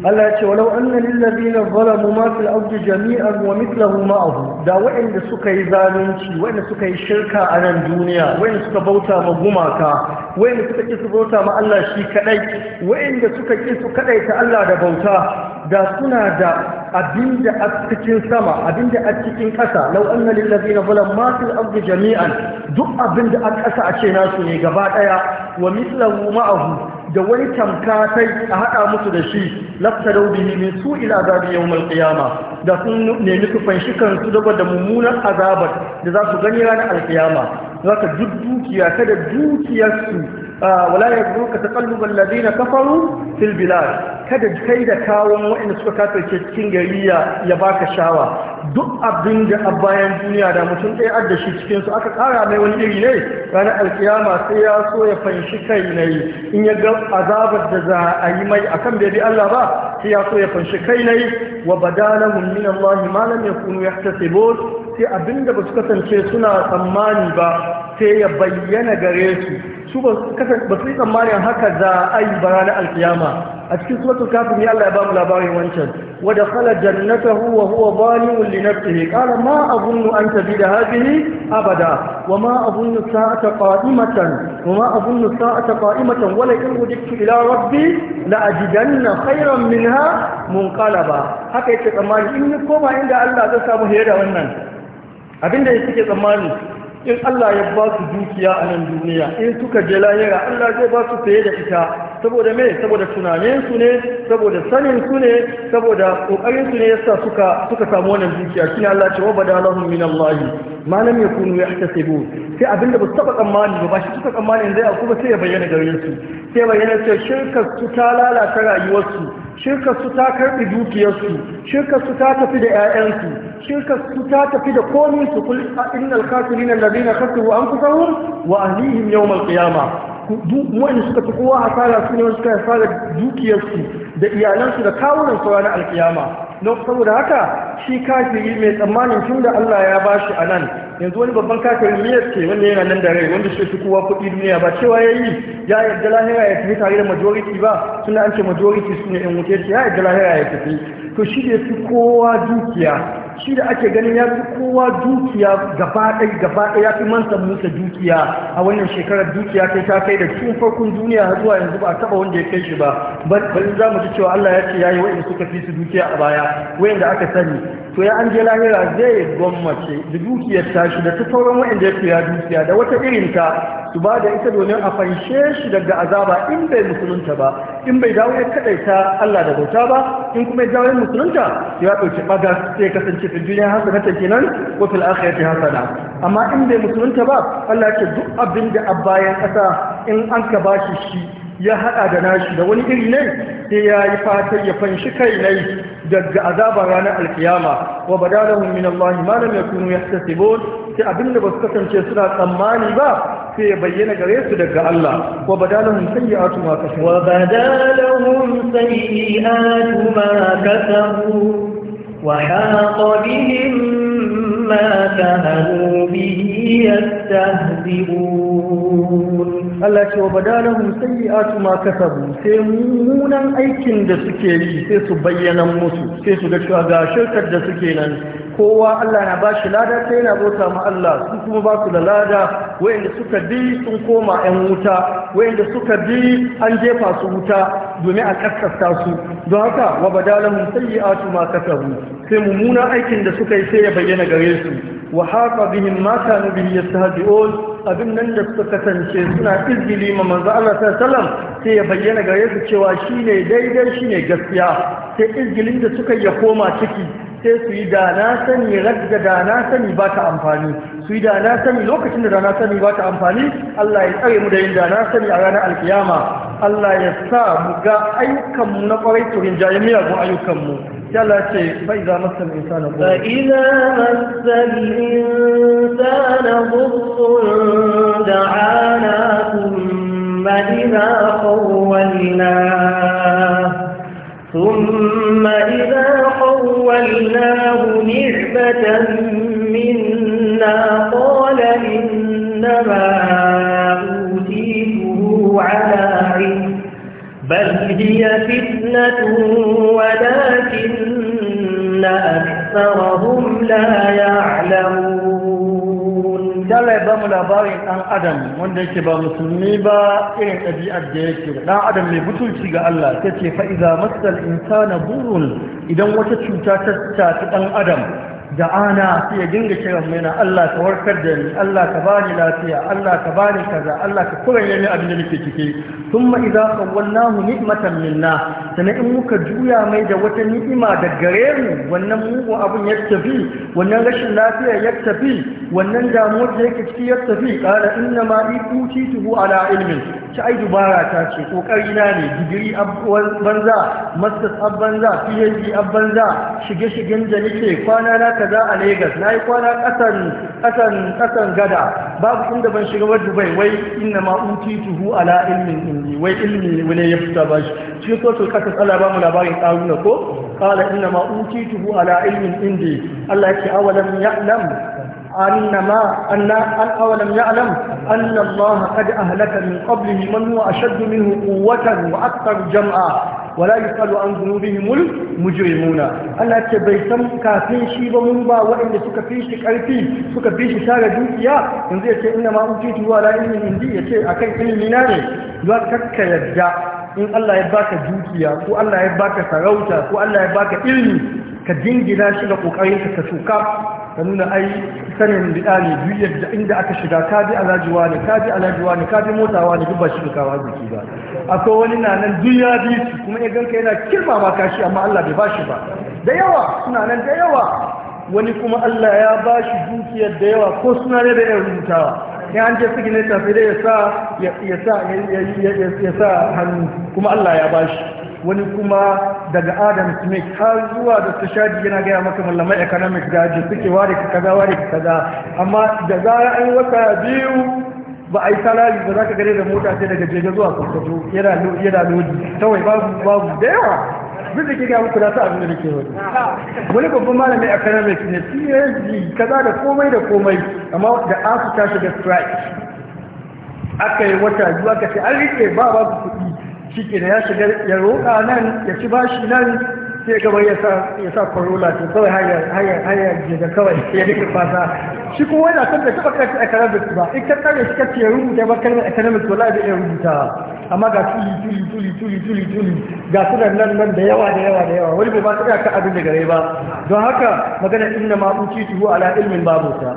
Allah ya ce wa anna lil ladina zalamu ma fil ardi jami'an wa mithluhu ma'ahu da waɗanda suka yi zalunci waɗanda suka yi shirka a nan duniya waɗanda suka bauta ma gumaka waɗanda suka ki su bauta ma Allah shi kadai waɗanda suka ki su kadai ta Allah da bauta da suna da abinda a cikin sama abinda a cikin ƙasa lau anna lil ladina zalamu ma fil ardi jami'an duk abinda a ƙasa a ce nasu ne gaba daya wa mithluhu ma'ahu da wani tamkatai a haɗa musu da shi lafta daubihi min su ila azabi yau kiyama da sun nemi su fanshi kansu daga da mummunan azabar da za su gani ranar alkiyama za ka duk dukiya kada dukiyarsu wala ya zo ka taƙalluban ladina kafaru fil bilad kada kai da kawon waɗanda suka kafirce cikin gari ya baka shawa duk abin da a bayan duniya da mutum ɗaya adda shi cikin aka ƙara mai wani iri ne ranar alkiyama sai ya so ya fanshi kai na yi in ya ga azabar da za a yi mai akan bai bi Allah ba sai ya so ya fanshi kai na yi wa badalahum min Allah ma ya yakunu sai abin da ba su kasance suna tsammani ba sai ya bayyana gare su ba su yi tsammanin haka za a yi ba ranar alkiyama a cikin suratul kafir ya Allah ya bamu labarin wancan wa dakhala jannatahu wa huwa zalimun li nafsihi qala ma azunnu an tabida hadhihi abada wa ma azunnu sa'ata qa'imatan wa ma azunnu sa'ata qa'imatan wa la in ila rabbi la ajidanna khayran minha munqalaba haka yake tsammani in ni koma inda Allah zai samu hira wannan abinda yake tsammani in Allah ya ba su dukiya a nan duniya in suka je lahira Allah zai ba su saye da ita saboda me saboda tunanin su ne saboda sanin su ne saboda kokarin su ne yasa suka suka samu wannan dukiya shine Allah ce wa lahum min Allah ma lam yakunu yahtasibu sai abinda ba su taba tsammani ba shi suka tsammani zai aku ba sai ya bayyana gare su sai bayyana cewa shirka su ta lalata rayuwarsu shirkarsu ta karɓi dukiyarsu shirkarsu ta tafi da 'ya'yansu shirkarsu ta tafi da komai su kul innal kafirina alladhina kasabu anfusahum wa ahlihim yawm al-qiyamah suka fi kowa hasara su ne suka hasara dukiyarsu da iyalansu da kawunan su ranar alkiyama don saboda haka shi kafiri mai tsammanin tun da Allah ya bashi a nan yanzu wani babban kafirin miyar ce wanda yana nan da rai wanda shi fi kowa kuɗi duniya ba cewa ya yi ya yarda lahira ya tafi tare da majority ba suna an ce majority su ne yan wuce ya yarda lahira ya tafi to shi ne fi kowa dukiya shi da ake ganin ya fi kowa dukiya gaba ɗai gaba ɗai ya fi mansa musa dukiya a wannan shekarar dukiya kai ta kai da cikin farkon duniya har zuwa yanzu ba a taɓa wanda ya kai shi ba bari za mu ci cewa Allah ya ce ya yi wa'in suka fi su dukiya a baya Wayanda aka sani to ya an je lahira zai gwammace da dukiyar ta shi da ta sauran wa'in da ya fiya dukiya da wata irin ta su ba da ita domin a fanshe shi daga azaba in bai musulunta ba in bai dawo ya kaɗaita Allah da bauta ba in kuma ya dawo ya musulunta ya ɗauki ɓaga sai kasance yake fi duniya hasanata nan wa fil akhirati hasana amma in bai musulunta ba Allah yake duk abin da bayan kasa in an ka bashi shi ya hada da nashi da wani iri ne sai ya yi fatar ya fanshi kai ne daga azabar ranar alkiyama wa badalahum min Allah ma lam yakunu yahtasibun sai abin da basu kasance suna tsammani ba sai ya bayyana gare su daga Allah wa badalahum sayyi'atu ma kasabu wa badalahum sayyi'atu ma kasabu وحاق بهم ما كانوا به يستهزئون Allah ce wa badalahum sayyi'atu ma kasabu sai mummunan aikin da suke yi sai su bayyana musu sai su ga cewa ga shirkar da suke nan kowa Allah na ba shi lada sai yana bauta ma Allah su kuma ba su da lada wayanda suka bi sun koma 'yan wuta wayanda suka bi an jefa su wuta domin a kaskasta su don haka wa badalahum sayyi'atu ma kasabu sai mummuna aikin da suka yi sai ya bayyana gare su wa haqa bihim ma kanu bihi yastahzi'un abin nan da suka kasance suna izgili ma manzo Allah sallallahu alaihi wasallam sai ya bayyana gare su cewa shine daidai shine gaskiya sai izgilin da suka ya koma ciki sai su yi da na sani ragga da na sani ba ta amfani su yi da na sani lokacin da na sani ba ta amfani Allah ya tsare mu da yin da na sani a ranar alkiyama Allah ya sa mu ga ayyukanmu na kwarai turin jayen miyagun mu yalla ce bai za masa insana ba ina masa insana bursun da ana kuma ina ثم إذا خولناه نعمة منا قال إنما أوتيته على علم بل هي فتنة ولكن أكثرهم لا يعلمون misali ya bamu labarin ɗan adam wanda yake ba musulmi ba irin ɗabi'ar da yake ɗan adam mai butulci ga Allah ta ce fa'iza matsal insana burun idan wata cuta ta tafi ɗan adam da ana ya dinga kiran mai na Allah ka warkar da ni Allah ka bani lafiya Allah ka bani kaza Allah ka kuranye ni abin da nake ciki thumma idza qawwalnahu ni'matan minna sanan in muka juya mai da wata ni'ima da gare mu wannan mugu abun ya tafi wannan rashin lafiya ya tafi wannan damuwar da yake ciki ya tafi qala inna ma tuhu ala ilmin ci ai dubara ta ce kokari na ne digiri abban banza masters abban za phd abban za shige shigen da nake kwana na kaza a Lagos na yi kwana ƙasan gada babu inda ban shiga wadda bai wai inna ma uti tuhu ala ilmin indi wai ilmi wani ya fita ba shi shi ko to kasa tsala ba mu labarin karuna ko qala inna ma uti tuhu ala ilmin indi Allah yake awalam ya'lam أنما أن أن أولم يعلم أن الله قد min من قبله من هو أشد منه قوة وأكثر جمعا wala yusalu an dhunubihimul mujrimuna Allah ce bai san kafin shi ba mun ba waɗanda suka fi shi ƙarfi suka fi shi sare dukiya yanzu ya ce ina ma utitu wala ilimin indi ya ce akan ilimina na ne zuwa kakka yadda in Allah ya baka dukiya ko Allah ya baka sarauta ko Allah ya baka ilmi ka jingina shi da kokarin ka tuka ka nuna ai sanin bid'a ne duniyar da inda aka shiga ka bi alajiwa ne ka bi alajiwa ne ka bi motawa ne duk ba shi kawa zuki ba akwai wani na nan duk bi kuma ya ganka yana kirma ma kashi amma Allah bai bashi ba da yawa suna nan da yawa wani kuma Allah ya bashi dukiyar da yawa ko suna ne da yawa rubutawa in an je signature sai ya sa ya sa hannu kuma Allah ya bashi wani kuma daga Adam Smith har zuwa da Shadi yana gaya maka mallamai economic gaji suke ware ka kaza ware ka kaza amma da zara an yi wata biyu ba a yi salari ba za ka gare da mota sai daga jeje zuwa kwakwato yana lodi kawai babu babu da yawa duk da kiga muku na sa abin da nake wani wani babban malami a economics ne PhD kaza da komai da komai amma da asu ta shiga strike aka yi wata biyu aka ce an rike ba ba kuɗi shi ke ya shiga ya roƙa nan ya ci bashi nan sai gaba ya sa ya sa corolla ce kawai hanyar hanyar hanyar je da kawai ya rike fasa shi kuma yana son da taba karanta economics ba in ka tare shi ce ya rubuta ba kalmar economics wallahi bai ya rubuta amma ga tuli tuli tuli tuli tuli ga su nan nan da yawa da yawa da yawa wani bai ba su ka abin da gare ba don haka magana inna ma uci tuhu ala ilmin babu ta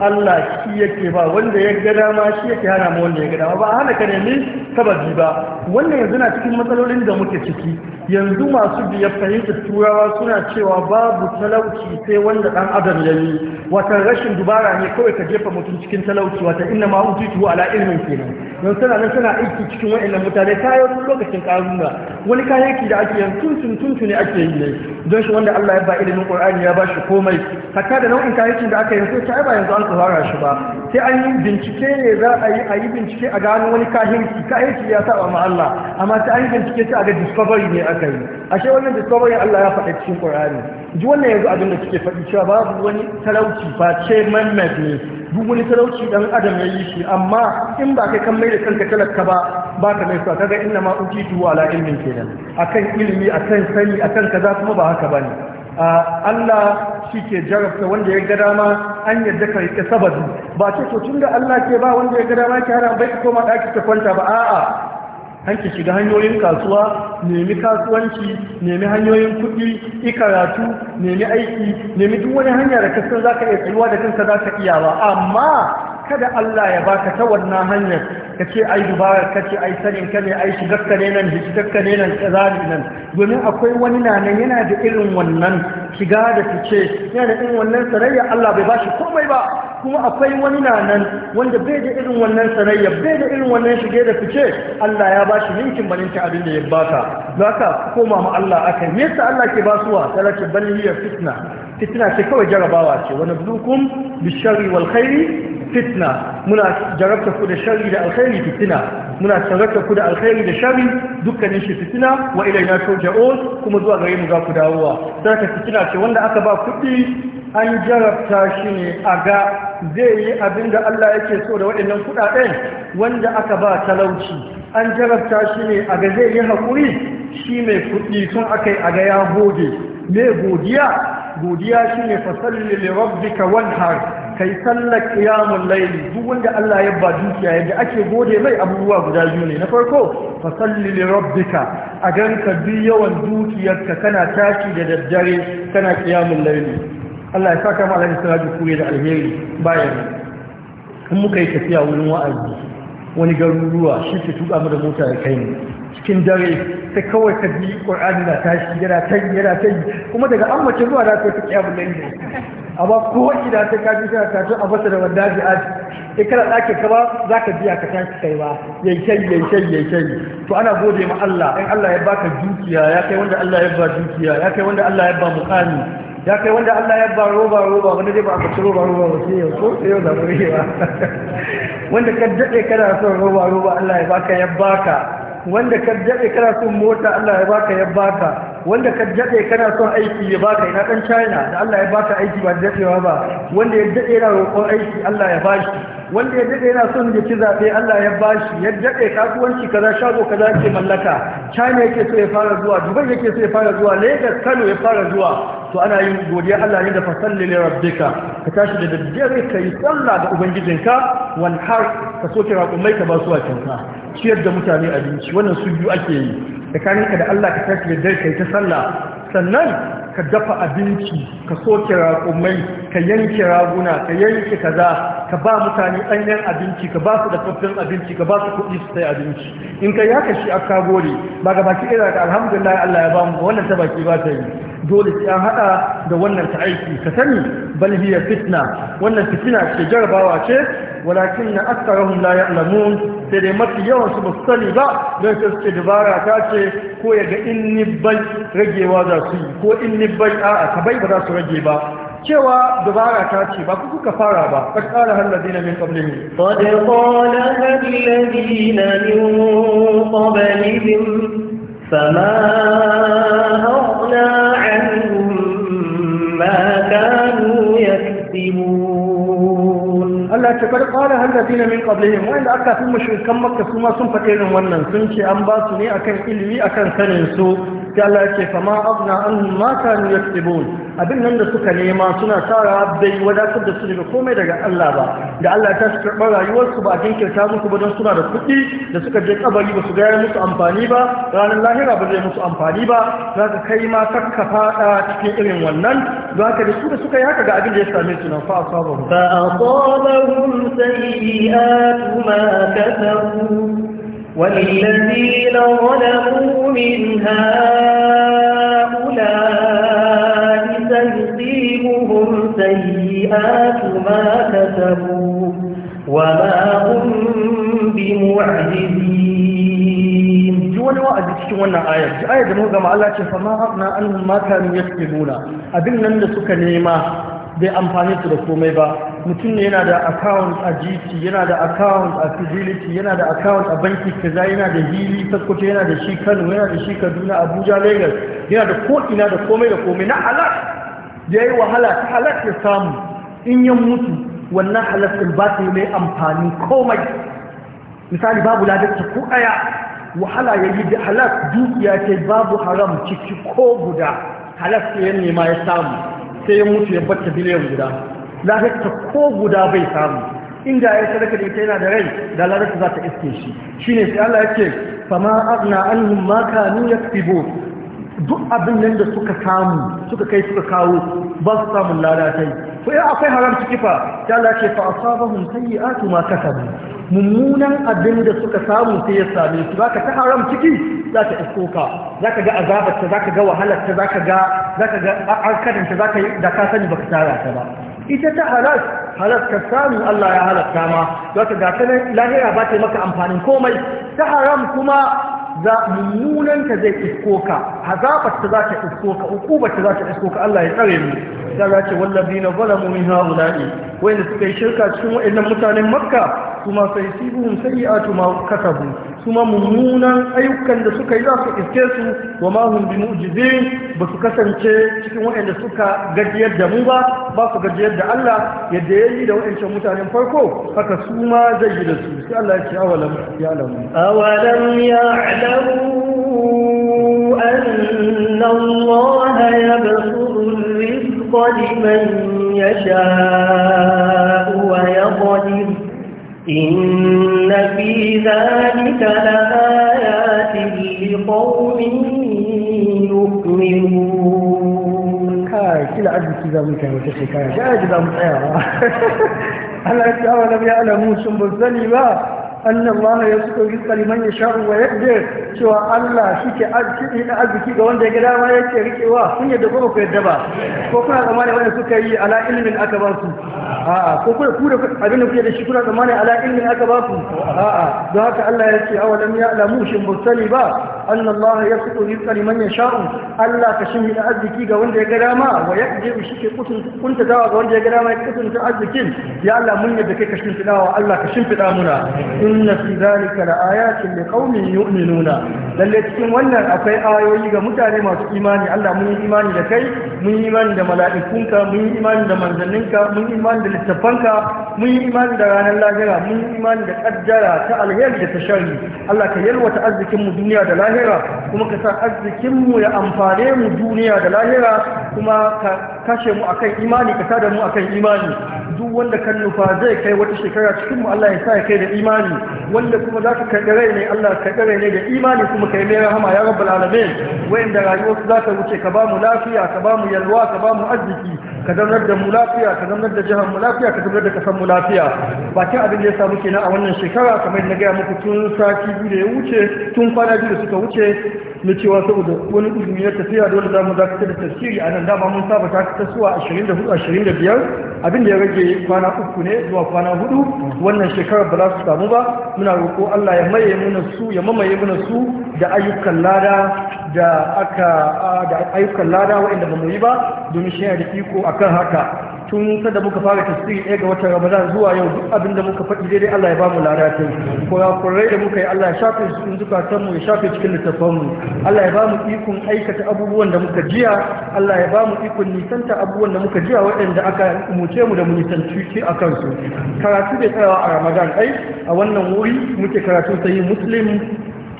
Allah shi yake ba wanda ya ga dama shi yake hana mu wanda ya ga ba hana ka nemi sababi ba wannan yanzu na cikin matsalolin da muke ciki yanzu masu biyar fahimtar turawa suna cewa babu talauci sai wanda dan adam ya yi wata rashin dubara ne kawai ka jefa mutum cikin talauci wata inna ma utitu ala ilmin kenan don suna nan suna aiki cikin wa'annan mutane kayan lokacin karuna wani kayayyaki da ake yin tuntun ne ake yi ne don shi wanda Allah ya ba ilimin Qur'ani ya ba shi komai hatta da nau'in kayayyakin da aka yi sai ta ba yanzu an ka fara shi ba sai an yi bincike ne za a yi a yi bincike a gano wani kahinci kahinci ya sa ma Allah amma sai an yi bincike sai a ga discovery ne aka yi ashe wannan discovery Allah ya faɗa cikin Qur'ani ji wannan yanzu abin da kike faɗi cewa babu wani talauci face mamad ne duk wani talauci dan adam ya yi shi amma in ba kai kan mai da kanka talaka ba ba ka mai kaga inna ma utitu ala ilmin kenan akan ilimi akan sani akan kaza kuma ba haka bane Allah shi ke jarabta wanda ya ga dama an yadda ka rike sabadu ba ce to tun da Allah ke ba wanda ya ga dama ki hana bai koma ɗaki ta kwanta ba a'a an ki shiga hanyoyin kasuwa nemi kasuwanci nemi hanyoyin kuɗi i karatu nemi aiki nemi duk wani hanya da kasan za ka iya tsayuwa da kanka za ka iya ba amma kada Allah ya baka ta wannan hanyar ka ce ai dubara ka ce ai sanin ka ne ai shigarka ne nan hijigarka ne nan kaza ne nan domin akwai wani na nan yana da irin wannan shiga da fice yana da irin wannan sarayya Allah bai bashi komai ba kuma akwai wani na nan wanda bai da irin wannan sarayya bai da irin wannan shige da fice Allah ya bashi ninkin baninta abin da ya baka zaka koma ma Allah akan me yasa Allah ke basuwa talaka balliya fitna fitna ce kawai jarabawa ce wani nablukum bishari wal khairi fitna muna jarabta ku da shari da alkhairi fitna muna jarabta ku da alkhairi da shari dukkanin shi fitina wa ilaina turja'un kuma zuwa gare mu za ku dawowa sarka fitina ce wanda aka ba kuɗi an jarabta shi ne a ga zai yi abin da Allah yake so da waɗannan kuɗaɗen wanda aka ba talauci an jarabta shi ne a ga zai yi haƙuri shi mai kuɗi tun aka yi a ga ya goge me godiya godiya shi ne fasalli lirabbika wanhar kai sallar qiyamul layl duk wanda Allah ya ba dukiya yadda ake gode mai abubuwa guda biyu ne na farko fa salli li rabbika a ganka bi yawan dukiyarka kana tashi da daddare kana qiyamul layl Allah ya saka mu alaihi salatu kure da alheri bayan in muka yi tafiya wurin wa'azi wani garuruwa shi ke tuka mu da mota ya kai ni cikin dare sai kawai ka bi ƙur'ani na tashi yana tayi yana tayi kuma daga Amma zuwa da ta kiyamun nan ne amma ko ina ta kaji kana kato a masa da wanda ji aji in kana ɗakin ka ba za ka biya ka tashi kai ba yankan yankan yankan to ana gode ma Allah in Allah ya baka dukiya ya kai wanda Allah ya ba dukiya ya kai wanda Allah ya ba mukami ya kai wanda Allah ya ba roba roba wanda dai ba a bace roba roba ba sai yau sai yau da ba wanda ka daɗe kana son roba roba Allah ya baka ya baka wanda ka daɗe kana son mota Allah ya baka ya baka wanda ka daɗe kana son aiki ya ba ka, ina dan china da allah ya baka aiki ba daɗewa ba wanda ya daɗe yana roƙon aiki allah ya bashi wanda ya daɗe yana son ya ci zaɓe allah ya bashi ya daɗe kasuwanci kaza shago kaza ke mallaka china yake so ya fara zuwa dubai yake so ya fara zuwa lagos kano ya fara zuwa to ana yin godiya allah ne da fasalli ne rabbika ka tashi da daddare ka yi sallah ga ubangijinka wal har ka soke raƙumai ka ba su a wakinka ciyar da mutane abinci wannan su biyu ake yi tsakaninka da Allah ka tafi da kai ta sallah sannan ka dafa abinci ka soke raƙumai ka yanke raguna ka yanke kaza ka ba mutane ɗanyen abinci ka ba su da tsoffin abinci ka ba su kuɗi su sai abinci in ka yaka shi a kagori ba ga baki ɗaya da alhamdulillah Allah ya ba mu wannan ta baki ba ta yi dole sai haɗa da wannan ta aiki ka sani bal fitna wannan fitina ce jarabawa ce walakin na aksarahum la ya'lamun sai dai mafi yawan su basu sani ba don sai suke dabara ta ce ko ya ga in nibban ragewa za su yi ko in nibban a'a ka bai ba za su rage ba cewa dubara ta ce ba ku kuka fara ba ta ƙara halladina min qablihim qad qala alladhina min qablihim fama aghna anhum ma kanu yaktibun Allah ta kar qala alladhina min qablihim wa inda aka sun mushrikan makka su ma sun faɗi irin wannan sun ce an ba su ne akan ilimi akan sanin su sai Allah ya ce fama aghna anhum ma kanu yaktibun abin nan da suka nema suna sa bai wadatar da su daga komai daga Allah ba da Allah ta su karɓar rayuwarsu ba a jinkirta musu ba don suna da kuɗi da suka je kabari ba su gaya musu amfani ba ranar lahira ba zai musu amfani ba za ka kai ma kakka faɗa cikin irin wannan za ka da su da suka yi haka ga abin da ya same su nan fa asabahum fa asabahum sayyi'atu ma kasabu وللذين ظلموا من هؤلاء تصيبهم سيئات ما كسبوا وما هم بمعجزين جوان وعد cikin wannan آية ce ayar da muka gama Allah ce fa ma abna annahum ma kanu yaktubuna abin nan amfani su da komai ba mutum ne yana da account a GT yana da account a Fidelity yana da account a banki kaza yana da Hili Sokoto yana da shi Kano yana da shi Kaduna Abuja Lagos yana da ko ina da komai da komai na alaƙa da ya yi wahala ta halatta samu in ya mutu wannan halattar ba ta yi mai amfani komai misali babu ladarta ko aya wahala ya yi da halas dukiya ce babu haram ciki ko guda halas ya nema ya samu sai ya mutu ya bata biliyan guda ladarta ko guda bai samu inda ya sadaka da ita yana da rai da ladarta za ta iske shi shine sai Allah ya ce fama agna anhum ma kanu yaktibu duk abin nan da suka samu suka kai suka kawo ba su samun lalatai. ko yau akwai haram ciki kifa ta lace fa asabahum sayyi'atu ma kasabu mummunan abin da suka samu sai ya same su zaka ta haram ciki ta isko ka Za ka ga azabar ta ka ga wahalar ta ka ga zaka ga yi da ka sani baka tara ta ba ita ta halas halas ka samu Allah ya halasta ma Za ka ga ta lahira ba ta maka amfanin komai ta haram kuma za mummunan ka zai isko ka hazabar ta za ta isko ka ba ta za ta isko ka Allah ya tsare mu sai ya ce wallazina zalamu min haula'i wanda suka yi shirka cikin waɗannan mutanen makka kuma sai sibuhum sayyi'atu ma kasabu kuma mummunan ayyukan da suka yi za su iske su wa ma hum bi mu'jizin ba su kasance cikin waɗanda suka gajiyar da mu ba ba su gajiyar da Allah yadda yayi da waɗancan mutanen farko haka su ma zai yi da su sai Allah ya ce awalam ya'lamu awalam ya'lamu anna Allah yabsutu ar-rizqa liman yasha'u إن في ذلك لآيات لقوم يؤمنون هاي كلا عدد كذا ممكن وتشكاية شنب الزلي annan ma ya suka rizka liman ya sha'u wa yadda cewa Allah shi ke arziki ga wanda ya ga dama ya ke rikewa sun yadda ko ku yadda ba ko kuna tsammani wanda suka yi ala ilimin aka ba su a'a ko kuna ku da abin da kuke da shi kuna tsammani ala ilimin aka ba su a'a don haka Allah ya ce awalam ya alamu shin ba ba أن الله يسق رزق لمن يشاء ألا كشم من أزكي قوان دي ga ويقضي ya كنت دوا arzikin دي قراما يكتن تأزكي يا الله من يبكي Allah ka دوا ألا كشم في دامنا إن في ذلك لآيات لقوم يؤمنون lalle cikin wannan akwai ayoyi ga mutane masu imani Allah mun yi imani da kai mun yi imani da mala'ikunka mun yi imani da manzanninka mun yi imani da littafanka mun yi imani da ranar lahira mun yi imani da kaddara ta alheri da ta Allah ka yalwata arzikin mu duniya da lahira lahira kuma ka sa arzikinmu ya amfane mu duniya da lahira kuma ka kashe mu akan imani ka da mu akan imani duk wanda kan nufa zai kai wata shekara cikin mu Allah ya sa ya kai da imani wanda kuma zaka karɓi rai ne Allah ka karɓi ne da imani kuma kai mai rahama ya rabbal alamin wayanda rayuwar su zaka wuce ka ba mu lafiya ka ba mu yalwa ka ba mu arziki ka zaunar da mu lafiya ka zaunar da jihar mu lafiya ka zaunar da kasar mu lafiya bakin abin da ya samu kenan a wannan shekara kamar na gaya muku tun sati biyu da ya wuce tun kwana biyu da suka wuce na cewa saboda wani uzumi na tafiya dole za mu dakatar da tasiri a nan dama mun saba ta kasa suwa 24-25 abinda ya rage kwana uku ne zuwa kwana hudu wannan shekarar ba za su samu ba muna roƙo Allah ya maye muna su ya mamaye muna su da ayyukan lada da aka waɗanda ba mu yi ba domin shi da iko akan haka tun da muka fara tasiri ɗaya ga watan ramadan zuwa yau duk abin da muka faɗi daidai Allah ya bamu ladatin kurai da muka yi Allah ya shafe cikin zukatanmu ya shafe cikin littafanmu Allah ya bamu ikon aikata abubuwan da muka jiya Allah ya bamu ikon nisanta abubuwan da muka jiya waɗanda aka muce mu da mu nisanci ce a kansu karatu da tsayawa a ramadan ai a wannan wuri muke karatu sayi muslim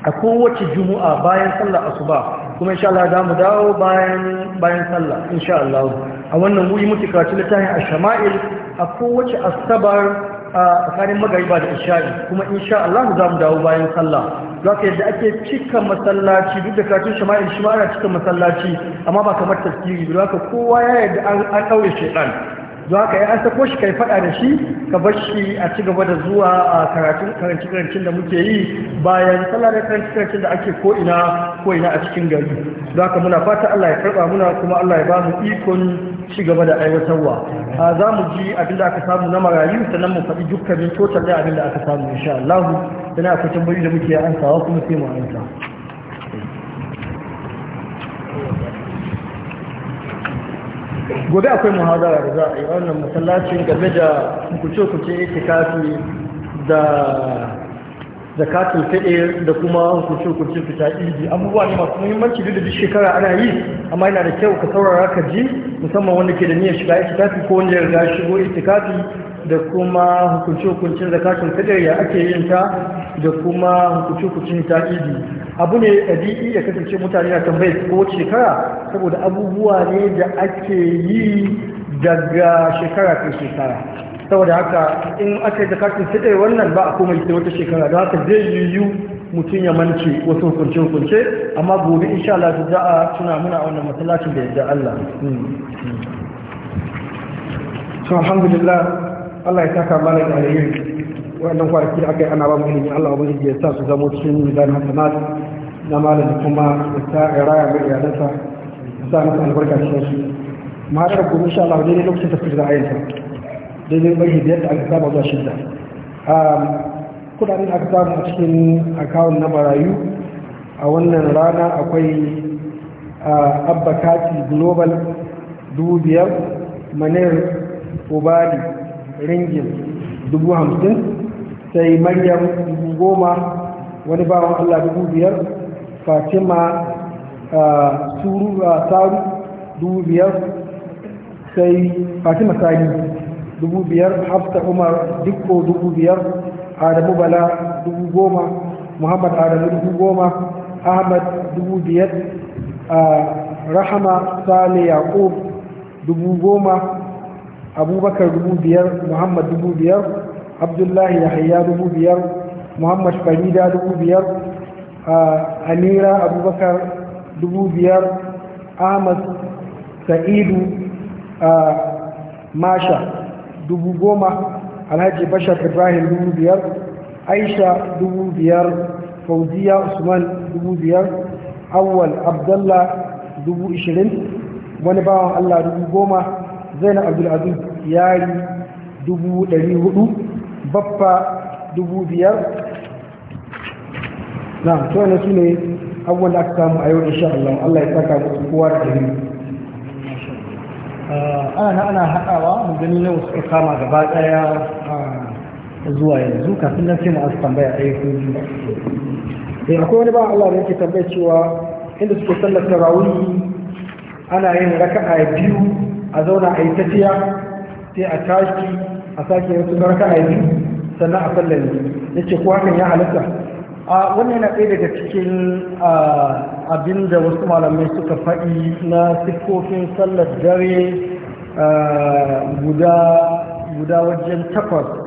a kowace juma'a bayan sallar asuba kuma insha Allah za mu dawo bayan sallah insha Allah a wannan wuri muke karatu littafin a shamail a kowace asabar a tsakanin magariba da isha'i kuma insha Allah za mu dawo bayan sallah za ka yadda ake cika masallaci duk da karatun shama'il shi ma ana cika masallaci amma ba kamar tafsiri ba kowa ya yadda an ɗaure shaidan za ka yi an sako shi ka yi faɗa da shi ka bar shi a ci gaba da zuwa a karatun karanci karancin da muke yi bayan sallah da karanci karancin da ake ko ina ko ina a cikin gari za ka muna fata Allah ya karɓa muna kuma Allah ya ba mu ikon ci gaba da aiwatarwa za mu ji abin da aka samu na marayu sannan mu faɗi dukkanin total da abinda aka samu insha Allah yana akwai da muke ansawa kuma sai mu gobe akwai muhadara da za a yi wannan masallacin game da kuce-kuce itikafi da zakatun fede da kuma kuce-kuce fita idi abubuwa ne masu muhimmanci duk da duk shekara ana yi amma yana da kyau ka saurara ka ji musamman wanda ke da niyyar shiga itikafi ko wanda ya riga shigo itikafi da kuma hukunci-hukuncin zakatun fi'ir ya ake yin ta da kuma hukunci-hukuncin ta idi abu ne ɗabi'i ya kasance mutane na tambayar ko shekara saboda abubuwa ne da ake yi daga shekara ta shekara saboda haka in aka yi zakatun sai wannan ba a koma yi wata shekara don haka zai yiwu mutum ya mance wasu hukunce hukunce amma gobe insha Allah za a tuna muna wannan masallacin da yadda Allah hmm. Hmm. to Allah ya saka mana wannan kwaraki da aka yi ana ba mu ilimin Allah da ya sa su zama cikin mizan hasanat na malam kuma ya sa raya mai iyalansa ya sa masa albarka cikin su mu haɗa gobe insha Allah daidai lokacin tafsir da ayyansa daidai bai biyar da aka saba zuwa shidda um, kudaden aka samu a cikin akawun na marayu a wannan rana akwai uh, abba kati global dubu biyar manir ubali ringin dubu hamsin sai maryam dubu goma wani bawan allah dubu biyar fatima a saru dubu biyar sai fatima sani dubu biyar hafta umar dikko dubu biyar adamu bala dubu goma muhammad adamu dubu goma ahmad dubu biyar rahama sale yaqub dubu goma abubakar dubu biyar muhammad dubu biyar abdullahi yahaya dubu biyar muhammad farida dubu biyar amira abubakar dubu biyar ahmad sa'idu masha dubu goma alhaji bashar ibrahim dubu biyar aisha dubu biyar fauziya usman dubu biyar awwal Abdullah dubu ishirin wani bawan allah dubu goma zainab abdulaziz yari dubu ɗari hudu baffa dubu biyar na to ne su ne abubuwan da aka samu a yau sha Allah Allah ya saka musu kowa da jini uh, ana na ana haɗawa mu gani yau suka kama gaba ɗaya uh, zuwa yanzu kafin nan sai mu asu tambaya ɗaya ko biyu da eh, akwai wani ba Allah da yake tambaya cewa inda suke sallar tarawih ana yin raka'a biyu a zauna a yi tafiya sai a tashi a sake wasu barka a yi sannan a sallar ya ce ko hakan ya halatta a wannan yana ɗaya daga cikin abin da wasu malamai suka faɗi na siffofin sallar dare guda wajen takwas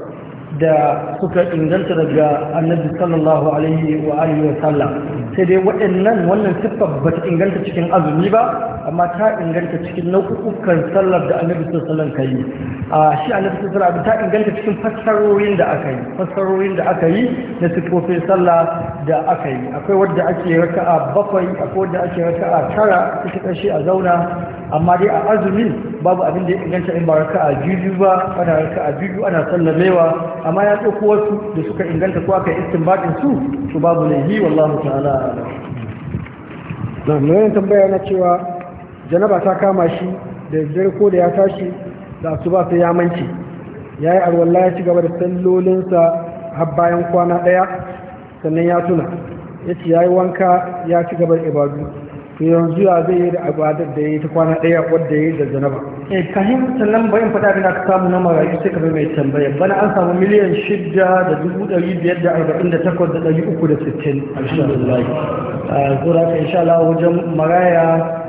da suka inganta daga annabi sallallahu alaihi wa alihi wa sallam sai dai waɗannan wannan siffar ba ta inganta cikin azumi ba amma ta inganta cikin nau'ukan sallar da annabi sallallahu alaihi wa shi annabi sallallahu alaihi ta inganta cikin fassarorin da aka yi fassarorin da aka yi na siffofin sallah da aka yi akwai wadda ake raka'a bakwai akwai wadda ake raka'a tara ita kashi a zauna amma dai a azumin babu abin da ya inganta in ba raka'a biyu ba ana raka'a biyu ana sallamewa amma ya ɗauko wasu da suka inganta ko aka istinbatin su su babu laifi wallahu ta'ala na mai tambaya na cewa janaba ta kama shi da dare ko da ya tashi da su ba sai ya manci ya yi ya ci gaba da sallolinsa har bayan kwana ɗaya sannan ya tuna ya ce ya yi wanka ya ci gaba da ibadu to yanzu ya zai yi da abadar da ya yi ta kwana ɗaya wadda ya yi da zanaba eh kahin sannan bayan faɗa abin da aka samu na marayu sai ka mai tambaya bana an samu miliyan shida da dubu ɗari biyar da arba'in da takwas da ɗari uku da sittin alhamdulillah ah, zura ka insha Allah wajen maraya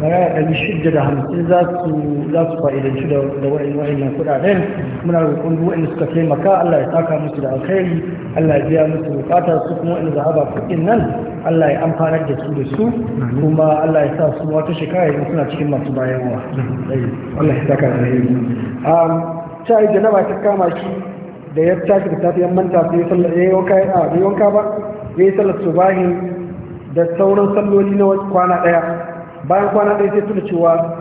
maraya ɗari shidda da hamsin za su fa'idanci da wa'in kudaden muna roƙon duk wa'in suka taimaka Allah ya saka musu da alkhairi Allah ya biya musu bukata su kuma wa'in zahaba kuɗin nan Allah ya amfana da su da su kuma Allah ya sa su wata shekara yanzu suna cikin masu bayarwa Allah ya saka da alkhairi ta yi janaba ta kama shi da ya tashi da safiyan manta sai ya sallar ya yi wanka ba ya yi sallar subahin da sauran salloli na kwana ɗaya bayan kwana ɗaya sai tuna cewa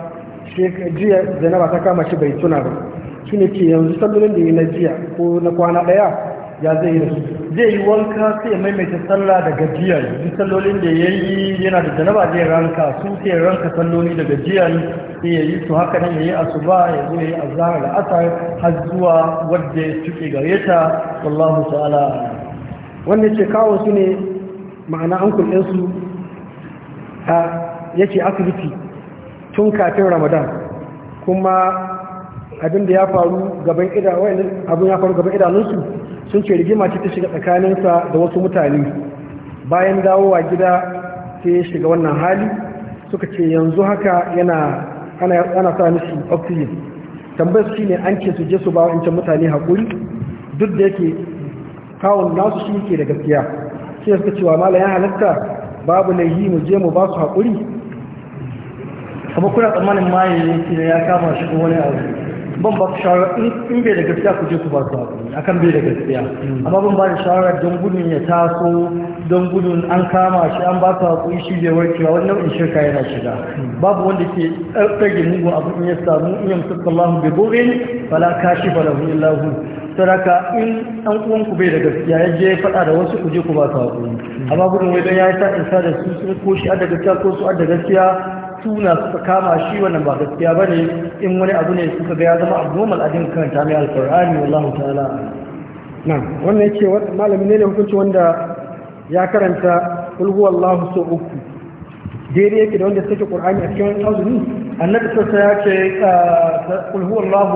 jiya zanaba ta kama shi bai tuna ba shi ne ke yanzu sallolin da ya na jiya ko na kwana ɗaya ya zai yi zai yi wanka sai ya maimaita sallah daga jiya yi sallolin da ya yi yana da zanaba zai ranka su sai ranka salloli daga jiya sai ya yi su haka nan ya yi asuba ya zo ya yi azhar da asar har zuwa wadda ya tuke gare wallahu ta'ala wannan ce kawo su ne ma'ana an su a yake asibiti tun kafin ramadan kuma abin da ya faru gaban abin ya faru gaban idanunsu sun ce rigima ta shiga tsakaninsa da wasu mutane bayan dawowa gida sai shiga wannan hali suka ce yanzu haka yana ana sa mishi oxygen tambayar shi ne an ke su je su ba wancan mutane hakuri, duk da yake kawon nasu shi ke da gaskiya sai suka cewa mala ya halatta babu laihi mu je mu ba su haƙuri kuma kuna tsammanin maye ne ya kama shi ko wani abu ban ba su shawara in bai da gaskiya ku je ku ba su haƙuri akan bai da gaskiya amma ban ba da shawara don gudun ya taso don gudun an kama shi an ba su haƙuri shi bai warkewa wani nau'in shirka yana shiga babu wanda ke tsarge mugun abu in ya samu in sallahu bai gobe ni? fala kashi falahu illahu saraka in ɗan uwanku bai da gaskiya ya je faɗa da wasu kuje ku ba su haƙuri amma gudun wai don ya yi sa da su sun ko shi adda gaskiya ko su adda gaskiya na suka kama shi wannan ba gaskiya ba ne in wani abu ne suka ga ya zama abnormal a jin karanta mai alƙur'ani wallahu ta'ala na wannan ce malamin ne hukunci wanda ya karanta kulhu wallahu so uku daidai yake da wanda suke qur'ani a cikin wani azumi annabi sassa ya ce kul ah, huwa allah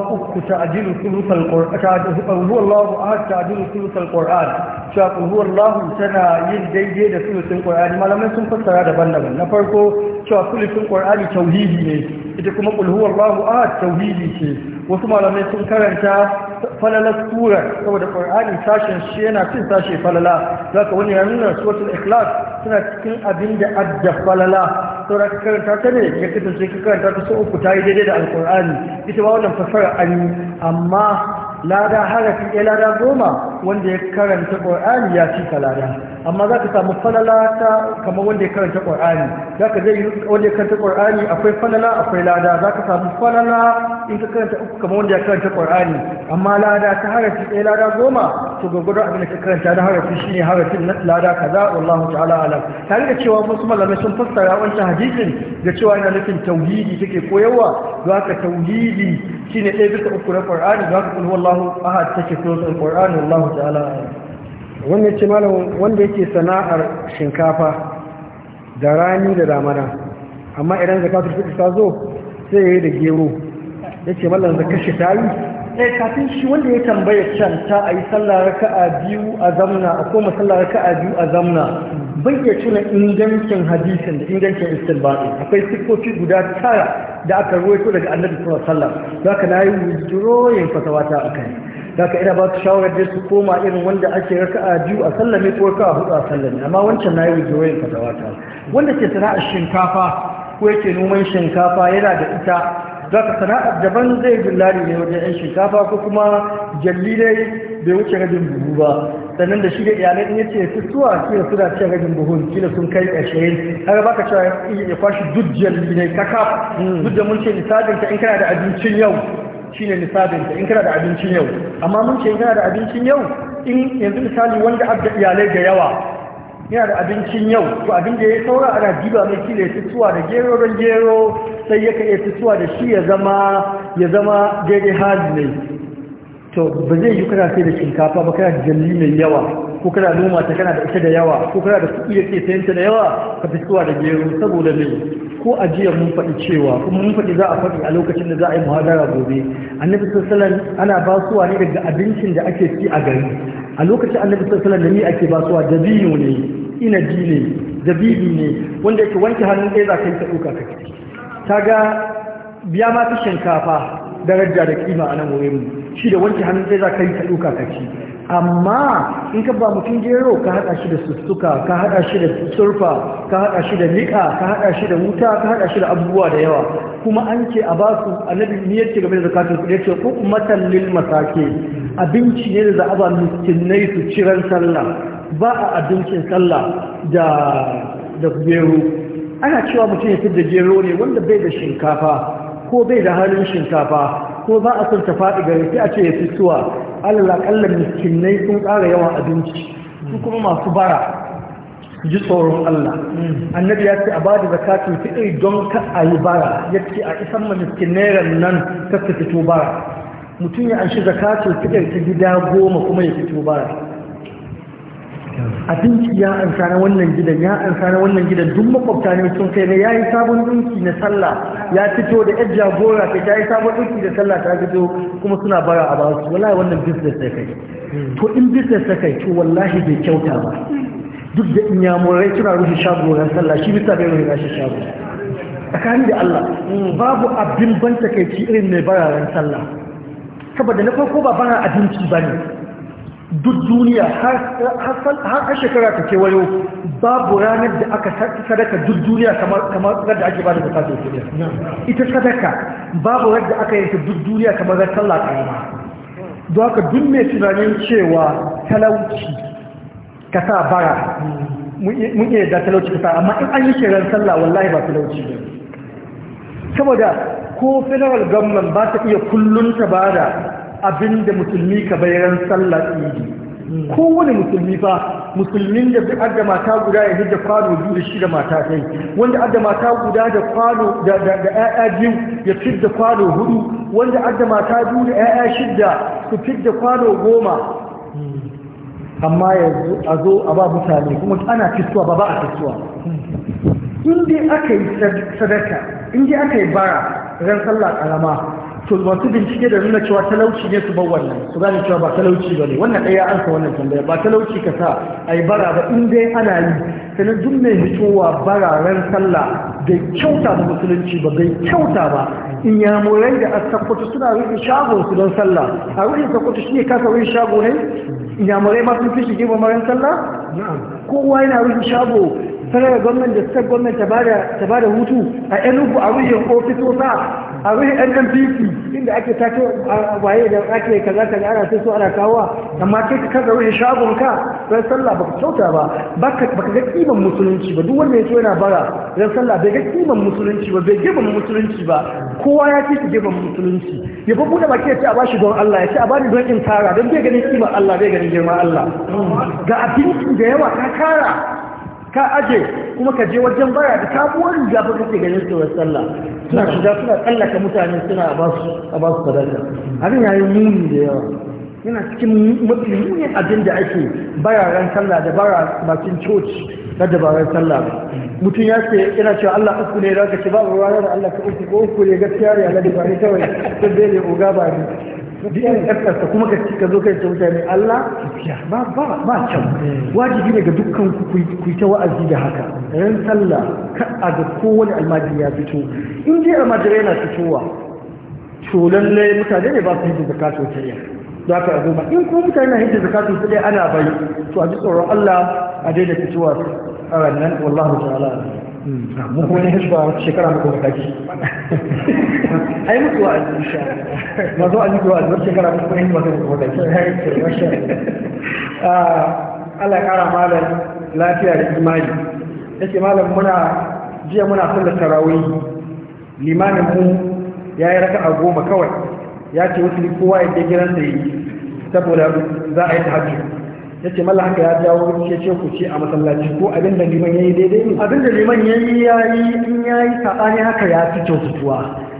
ta'dilu thuluthal qur'an kul huwa ahad ta'dilu qur'an cewa kul tana yin daidai da thuluthul qur'ani malamai sun fassara daban-daban na farko cewa thuluthul qur'ani tauhidi ne ita kuma qul huwallahu ahad tauhidi ce wasu malamai sun karanta falalar tura saboda ƙur'ani sashen shi yana cin sashe falala zaka wani ya nuna suratul ikhlas suna cikin abin da adda falala saura ka karanta ta ne ya kasance ka karanta ta sau uku ta yi daidai da alkur'ani ita ba wannan fasara an yi amma lada harafi ya eh, lada goma wanda ya karanta ƙur'ani ya cika lada amma za ka samu falala ta kamar wanda ya karanta ƙwar'ani za ka zai wanda ya karanta ƙwar'ani akwai falala akwai lada za ka samu falala in ka karanta uku kamar wanda ya karanta ƙwar'ani amma lada ta harafi ɗaya lada goma to gwagwadon abin da ka karanta na harafi shi ne harafin na lada kaza wallahu ta'ala alam tare da cewa wasu malamai sun fassara wancan hadisin da cewa yana nufin tauhidi take koyarwa za ka tauhidi shi ne ɗaya bisa uku na ƙwar'ani za ka kulhu wallahu ahad take koyarwa ƙwar'ani wallahu ta'ala alam wanda ce malam wanda yake sana'ar shinkafa da rani da damana amma idan zaka ta zo sai yayi da gero yace malam zakar kashe ta yi eh kafin shi wanda ya tambaya can ta ayi sallah raka'a biyu a zamna a koma sallah raka'a biyu a zamna bai iya tuna ingancin hadisin da ingancin istinbati akwai siffofi guda tara da aka ruwaito daga annabi sallallahu alaihi wasallam zaka nayi withdrawing ta akai daga ina ba ta shawarar da su koma irin wanda ake raka a biyu a sallame ko raka a hudu a sallame amma wancan na yi wujewayin fatawata wanda ke sana'ar shinkafa ko yake noman shinkafa yana da ita za ka sana'ar daban zai gullari ne wajen yan shinkafa ko kuma jalli dai bai wuce rajin buhu ba sannan da shi da iyalai in yace su suwa kila suna cin rajin buhun kila sun kai ƙarshe har baka cewa ya kwashi duk jalli ne kaka hmm. duk da mun ce in kana da abincin yau shine nisabin in kana da abincin yau amma mun ce kana da abincin yau in yanzu misali wanda abda iyalai da yawa yana da abincin yau to abin da ya saura ana diba mai kila ya fitowa da gero don gero sai ya iya fitowa da shi ya zama ya zama daidai hali ne to ba zai yi kana sai da shinkafa ba kana da jalli mai yawa ko kana noma ta kana da ita da yawa ko kana da kuɗi da ke sayan ta da yawa ka fi suwa da gero saboda me ko ajiya mun faɗi cewa kuma mun faɗi za a faɗi a lokacin da za a yi muhadara gobe annabi sallallahu ana basuwa ne daga abincin da ake ci a gari a lokacin annabi sallallahu da ni ake basuwa dabino ne inaji ne dabibi ne wanda yake wanke hannun ɗaya za ka yi ta ɗauka ka ci ta ga biya ma ta shinkafa daraja da kima a nan wurin shi da wanke hannun sai za ka yi ta ɗuka ka ci amma in ka ba mutum gero ka haɗa shi da sussuka ka haɗa shi da surfa ka haɗa shi da niƙa ka haɗa shi da wuta ka haɗa shi da abubuwa da yawa kuma an ce a ba su annabi ne yake game da zakatun kuɗi ce ko ummatan lil masake abinci ne da za a ba miskinai su ciran sallah ba a abincin sallah da da gero ana cewa mutum ya fi da gero ne wanda bai da shinkafa ko bai da halin shinkafa ko za a son ta faɗi gare sai a ce ya fi suwa alala kallon miskinai sun ƙara yawan abinci su kuma masu bara ji tsoron Allah annabi ya ce a ba da zakatun don ka a yi bara ya ce a isan ma miskinairan nan ta fito bara mutum ya an shi zakatun ta gida goma kuma ya fito bara abinci ya ansa na wannan gidan ya ansa na wannan gidan duk makwabta ne sun kai ne ya yi sabon dinki na sallah ya fito da yar jagora ta yi sabon dinki da sallah ta fito kuma suna bara a basu wallahi wannan business ta kai to in business ta kai to wallahi bai kyauta ba duk da in yamurai suna rufe shago ran sallah shi bisa bai rufe shi shago tsakani da Allah babu abin ban takaici irin mai bara ran sallah saboda na farko ba bara abinci ba ne duk duniya har shekara ta kewayo babu ranar da aka sadaka duk duniya kamar da ake ba da zakatun duniya ita sadaka babu radda aka yanke duk duniya kamar radda sallah karama don haka duk mai tunanin cewa talauci ka sa bara mun iya da talauci ka sa amma in an yi kiran sallah wallahi ba talauci ne saboda ko federal government ba ta iya kullum ta bada Abin da musulmi ka bayan sallar idi kowane musulmi fa musulmin da adda mata guda ya hijja kwano biyu da shi da mata ɗai wanda adda mata guda da kwano da ƴaƴa biyu ya fidda kwano hudu wanda adda mata biyu da ƴaƴa shidda su fidda kwano goma amma yanzu a zo a ba mutane kuma ana fitowa ba ba a fitowa in dai aka yi sadaka in dai aka yi bara ran sallah karama to masu bincike da nuna cewa talauci ne su bar wannan su gane cewa ba talauci ba ne wannan ɗaya an sa wannan tambaya ba talauci ka sa a yi bara ba in dai ana yi sannan duk mai hitowa bararen sallah bai kyauta da musulunci ba bai kyauta ba in ya morai da a sakwato suna rufe shagon su don sallah a rufe sakwato shi ne kasa rufe shago ne in ya morai ma sun fi shige gefe maran sallah kowa yana rufe shago sarara gwamnan da suka gwamnan ta ba da hutu a yan a rufe ofisosa a rufe nnpc inda ake a waye da ake kaza kaza ana sai so ana kawo amma kai ka kaza rufe shagon ka ran sallah baka kyauta ba baka ga kiman musulunci ba duk wanda ya so yana bara ran sallah bai ga kiman musulunci ba bai giban musulunci ba kowa ya ce ka giban musulunci ya fa bude baki ya ce a bashi don Allah ya ce a bani don in tara don bai ganin kiman Allah bai ganin girman Allah ga abinci da yawa ka kara. ka aje kuma ka je wajen baya da sabuwar da fa kake ganin su sallah suna shiga suna tsallaka mutane suna a ba su sadaka abin yi muni da yawa yana cikin mafi munin abin da ake bayaran sallah da bara bakin coci na dabarar sallah ba mutum ya ce yana cewa Allah uku ne da ka ce babu ruwa da Allah ka uku ko uku ne gaskiya ne Allah da bari kawai sun bai ne oga ba ne duk irin ƙasarsa kuma ka ka zo kai ta mutane Allah ba ba ba can wajibi ne ga dukkan ku ta wa'azi da haka ran sallah ka a ga kowane almajiri ya fito in dai almajiri yana fitowa to lallai mutane ne ba su yi zakatu ta za ka azuma in kuma mutane na hidda zakatu ta dai ana bai to a ji tsoron Allah a daidai fitowa a wannan wallahu ta'ala mu kuma na hizba wata shekara muka wata ki ai mutu wa azu insha ma zo azu wa azu shekara muka kuma hizba muka wata ki ah, Allah ya kara malam lafiya da imani yake malam muna jiya muna sallar tarawih limamin mu ya yi raka'a goma kawai ya ce wasu kowa ya je gidansa yi saboda za a yi tahajjud ya ce mala haka ya jawo ke ce ku ce a masallaci ko abin da liman ya yi daidai ne abin da liman ya yi ya yi in ya yi saɓani haka ya fi kyautatuwa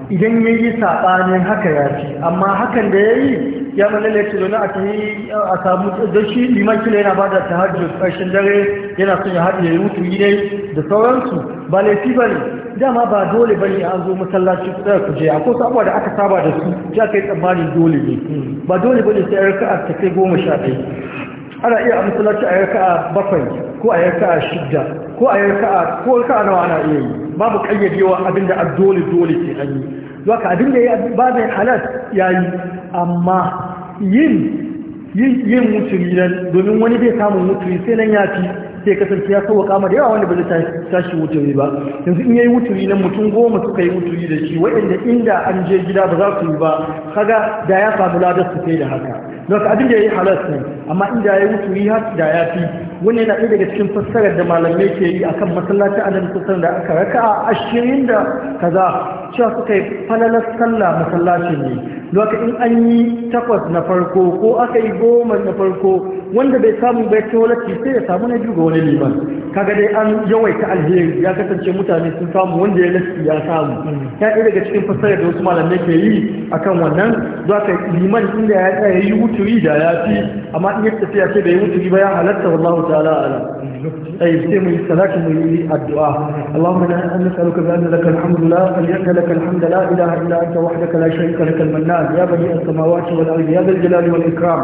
idan ya yi saɓanin haka ya fi amma hakan da ya yi ya mana ne ce a tafi a samu da shi liman kila yana bada ta hajji ƙarshen dare yana son ya haɗu ya yi mutu da sauransu ba laifi ba ne dama ba dole ba ne an zo masallaci kuɗa ku je ko sabuwa da aka saba da su ya kai tsammani dole ne ba dole ba ne sai a ta kai goma sha ɗaya ana iya amsalaci a yarka bakwai ko a yarka shidda ko a yarka ko yarka nawa ana iya yi babu kayyadewa abinda a dole dole ke an yi abin abinda ya ba da ya yayi amma yin yin yin nan domin wani bai samun wuturi, sai nan ya fi sai kasance ya sauka kama da yawa wanda bai tashi wuturi ba yanzu in yayi wuturi nan mutum goma suka yi wuturi da shi waɗanda inda an je gida ba za su yi ba kaga da ya samu ladar su sai da haka lokacin abin da ya yi halas ne amma inda ya yi wuturi da ya fi wani yana ɗaya daga cikin fassarar da malamai ke yi akan masallacin annabi sassan da aka raka a ashirin da kaza cewa suka yi falalar sallah masallaci ne lokacin in an yi takwas na farko ko aka yi goma na farko wanda bai samu bai tawalaci sai ya samu na biyu ga wani liman kaga dai an yawaita alheri ya kasance mutane sun samu wanda ya lafi ya samu ya ɗaya daga cikin fassarar da wasu malamai ke yi akan wannan za ka liman inda ya yi wuturi da ya fi amma in ya tafiya sai bai wuturi ba ya halatta wallahu تعالى أعلم طيب سيم السلاكم الدعاء اللهم أنا نسألك بأن لك الحمد لا فليأن لك الحمد لا إله إلا أنت وحدك لا شريك لك المنان يا بني السماوات والأرض يا ذا الجلال والإكرام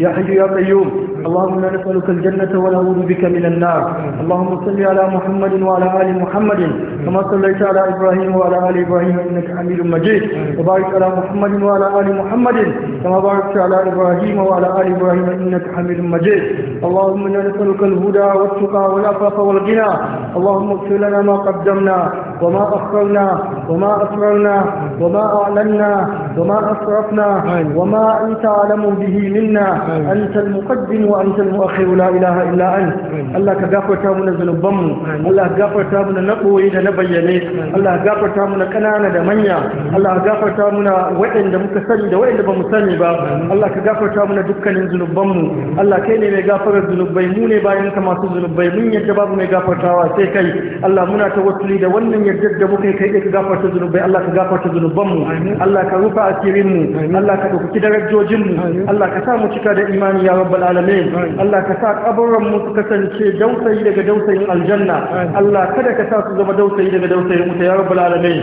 يا حي يا قيوم اللهم أنا نسألك الجنة ونعوذ بك من النار اللهم صل على محمد وعلى آل محمد كما صليت على إبراهيم وعلى آل إبراهيم إنك حميد مجيد وبارك على محمد وعلى آل محمد كما باركت على إبراهيم وعلى آل إبراهيم إنك حميد مجيد اللهم إنا نسألك نسألك الهدى والتقى والعفاف والغنى اللهم اغفر لنا ما قدمنا وما أخرنا وما أسررنا وما أعلنا وما أسرفنا وما أنت أعلم به منا أنت المقدم وأنت المؤخر لا إله إلا أنت الله كغفر تامنا زنبم الله كغفر تامنا نقو إذا نبيني الله كغفر تامنا كنانا kanana الله كغفر تامنا وإن دمك waɗanda وإن دمك da الله كغفر تامنا دكا Allah الله كيني مغفر الزنبين ne bayan ka masu zunubai mun yadda babu mai gafartawa sai kai Allah muna ta wasuli da wannan yadda da muka kai ka gafarta zunubai Allah ka gafarta zunuban mu Allah ka rufa asirin mu Allah ka dauki darajojin mu Allah ka sa mu cika da imani ya rabbal alamin Allah ka sa kaburran mu su kasance dausayi daga dausayin aljanna Allah kada ka sa su zama dausayi daga dausayin mu ya rabbal alamin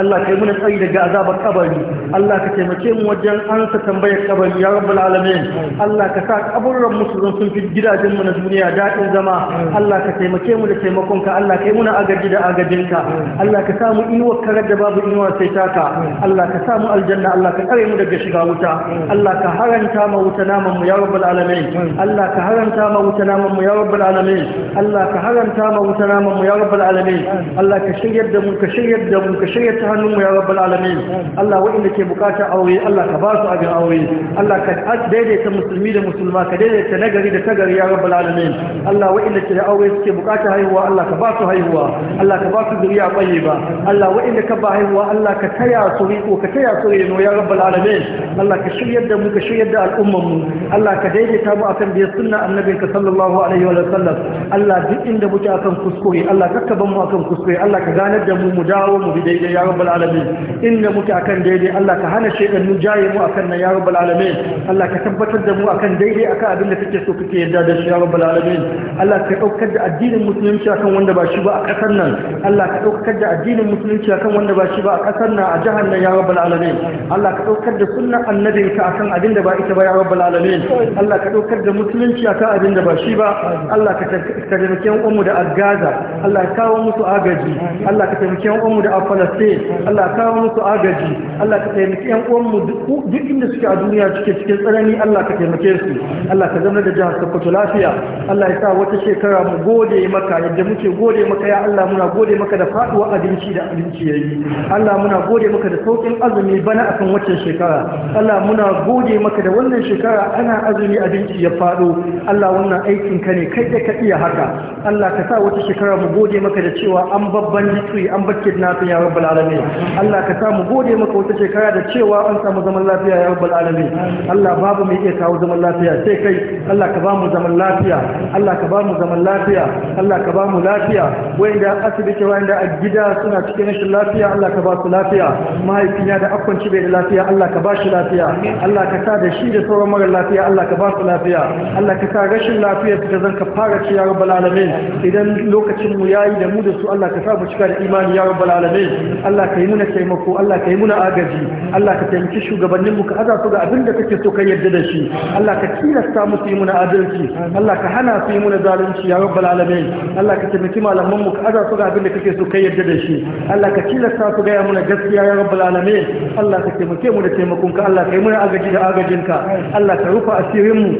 Allah kai muna tsayi daga azabar kabari Allah ka taimake mu wajen ansa tambayar kabari ya rabbul alamin Allah ka sa kaburran mu zan sun fi gidajen mu na duniya daɗin zama Allah ka taimake mu da taimakon ka Allah kai muna agaji da agajin ka Allah ka sa mu inuwar karar da babu inuwar sai taka Allah ka sa mu aljanna Allah ka tsare mu daga shiga wuta Allah ka haranta ma wuta naman mu ya rabbul alamin Allah ka haranta ma wuta naman mu ya rabbul alamin Allah ka haranta ma wuta naman mu ya rabbul alamin Allah ka shiryar da mu ka shiryar da mu ka shiryar hannunmu ya rabbal alamin Allah wa'inda ke bukatar aure Allah ka ba su abin aure Allah ka daidaita musulmi da musulma ka daidaita nagari da tagari ya rabbal alamin Allah wa'inda ke da aure suke bukatar haihuwa Allah ka ba su haihuwa Allah ka ba su zuriya ba Allah wa'inda ka ba haihuwa Allah ka taya su riko ka taya su reno ya rabbal alamin Allah ka shiryar da mu ka shiryar da al'ummar mu Allah ka daidaita mu akan biyar sunna annabinka sallallahu alaihi wa sallam Allah duk inda muke akan kuskure Allah kakkaban mu akan kuskure Allah ka ganar da mu mu dawo mu bi daidai ya rabbal alamin inda muke akan daidai Allah ka hana shedan jaye mu akan nan ya rabbal alamin Allah ka tabbatar da mu akan daidai akan abin da kake so kake yadda da shi ya rabbal alamin Allah ka daukar da addinin musulunci akan wanda ba shi ba a kasar nan Allah ka daukar da addinin musulunci akan wanda ba shi ba a kasar nan a jihar nan ya rabbal alamin Allah ka daukar da sunnar annabinka akan abin da ba ita ba ya rabbal alamin Allah ka daukar da musulunci akan abin da ba shi ba Allah ka taimake mu da agaza Allah ka kawo musu agaji Allah ka taimake mu da afalastin Allah kawo musu agaji Allah ka taimaki yan uwanmu duk inda suke a duniya cike cikin tsanani Allah ka taimake su Allah ka zama da jihar Sokoto lafiya Allah ya sa wata shekara mu gode maka yadda muke gode maka ya Allah muna gode maka da faduwa abinci da abinci yayi Allah muna gode maka da saukin azumi bana akan wacce shekara Allah muna gode maka da wannan shekara ana azumi abinci ya fado Allah wannan aikin ka ne kai da ka iya haka Allah ka sa wata shekara mu gode maka da cewa an babban litri an barke na ya rabbal alamin alamin Allah ka samu gode maka wata shekara da cewa an samu zaman lafiya ya rabbal alamin Allah babu mai iya kawo zaman lafiya sai kai Allah ka ba mu zaman lafiya Allah ka ba mu zaman lafiya Allah ka ba mu lafiya wanda asibiti wanda a gida suna cikin rashin lafiya Allah ka ba su lafiya mahaifina da akwanci bai da lafiya Allah ka ba shi lafiya Allah ka sa da shi da sauran mara lafiya Allah ka ba su lafiya Allah ka sa rashin lafiya ta zan ka fara ci ya rabbal alamin idan lokacin mu yayi da mu da su Allah ka sa mu cika da imani ya rabbal alamin Allah Allah ka yi muna taimako Allah ka yi muna agaji Allah ka taimaki shugabannin mu ka aza su ga abin da kake so ka yarda da shi Allah ka tilasta musu yi muna adalci Allah ka hana su yi muna zalunci ya rabbal alamin Allah ka taimaki malaman mu ka aza su ga abin da kake so ka yarda da shi Allah ka tilasta su ga ya muna gaskiya ya rabbal alamin Allah ka taimake mu da taimakon ka Allah ka yi muna agaji da agajinka Allah ka rufa asirin mu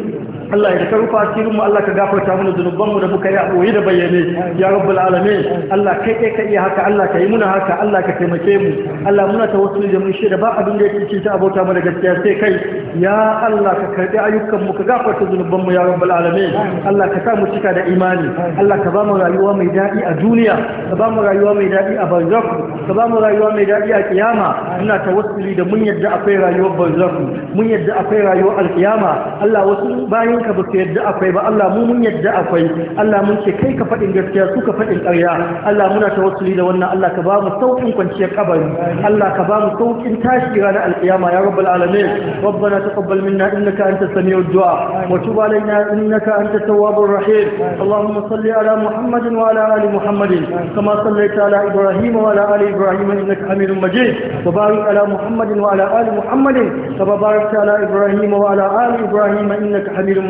Allah ya karu fasirin mu Allah ka gafarta mana zunuban mu da muka yi a koyi da bayyane ya rabbul alamin Allah kai kai ka iya haka Allah ka yi muna haka Allah ka taimake mu Allah muna tawassuli da mun shaida ba abin da yake ta abota mana gaskiya sai kai ya Allah ka karbi ayyukan mu ka gafarta zunuban mu ya rabbul alamin Allah ka sa mu cika da imani Allah ka ba mu rayuwa mai daɗi a duniya ka ba mu rayuwa mai daɗi a barzakh ka ba mu rayuwa mai daɗi a kiyama muna tawassuli da mun yadda akwai rayuwar barzakh mun yadda akwai rayuwar alkiyama Allah wasu bayan ka ba su yadda akwai ba Allah mu mun yadda akwai Allah mun ce kai ka faɗin gaskiya su ka faɗin ƙarya Allah muna tawassuli da wannan Allah ka ba mu saukin kwanciyar kabari Allah ka ba mu saukin tashi ranar alƙiyama ya rabbal alamin ربنا تقبل منا إنك أنت سميع الدعاء وتب علينا إنك أنت التواب الرحيم اللهم صل على محمد وعلى آل محمد كما صليت على إبراهيم وعلى آل إبراهيم إنك حميد مجيد وبارك على محمد وعلى آل محمد كما باركت على إبراهيم وعلى آل إبراهيم إنك حميد مجيد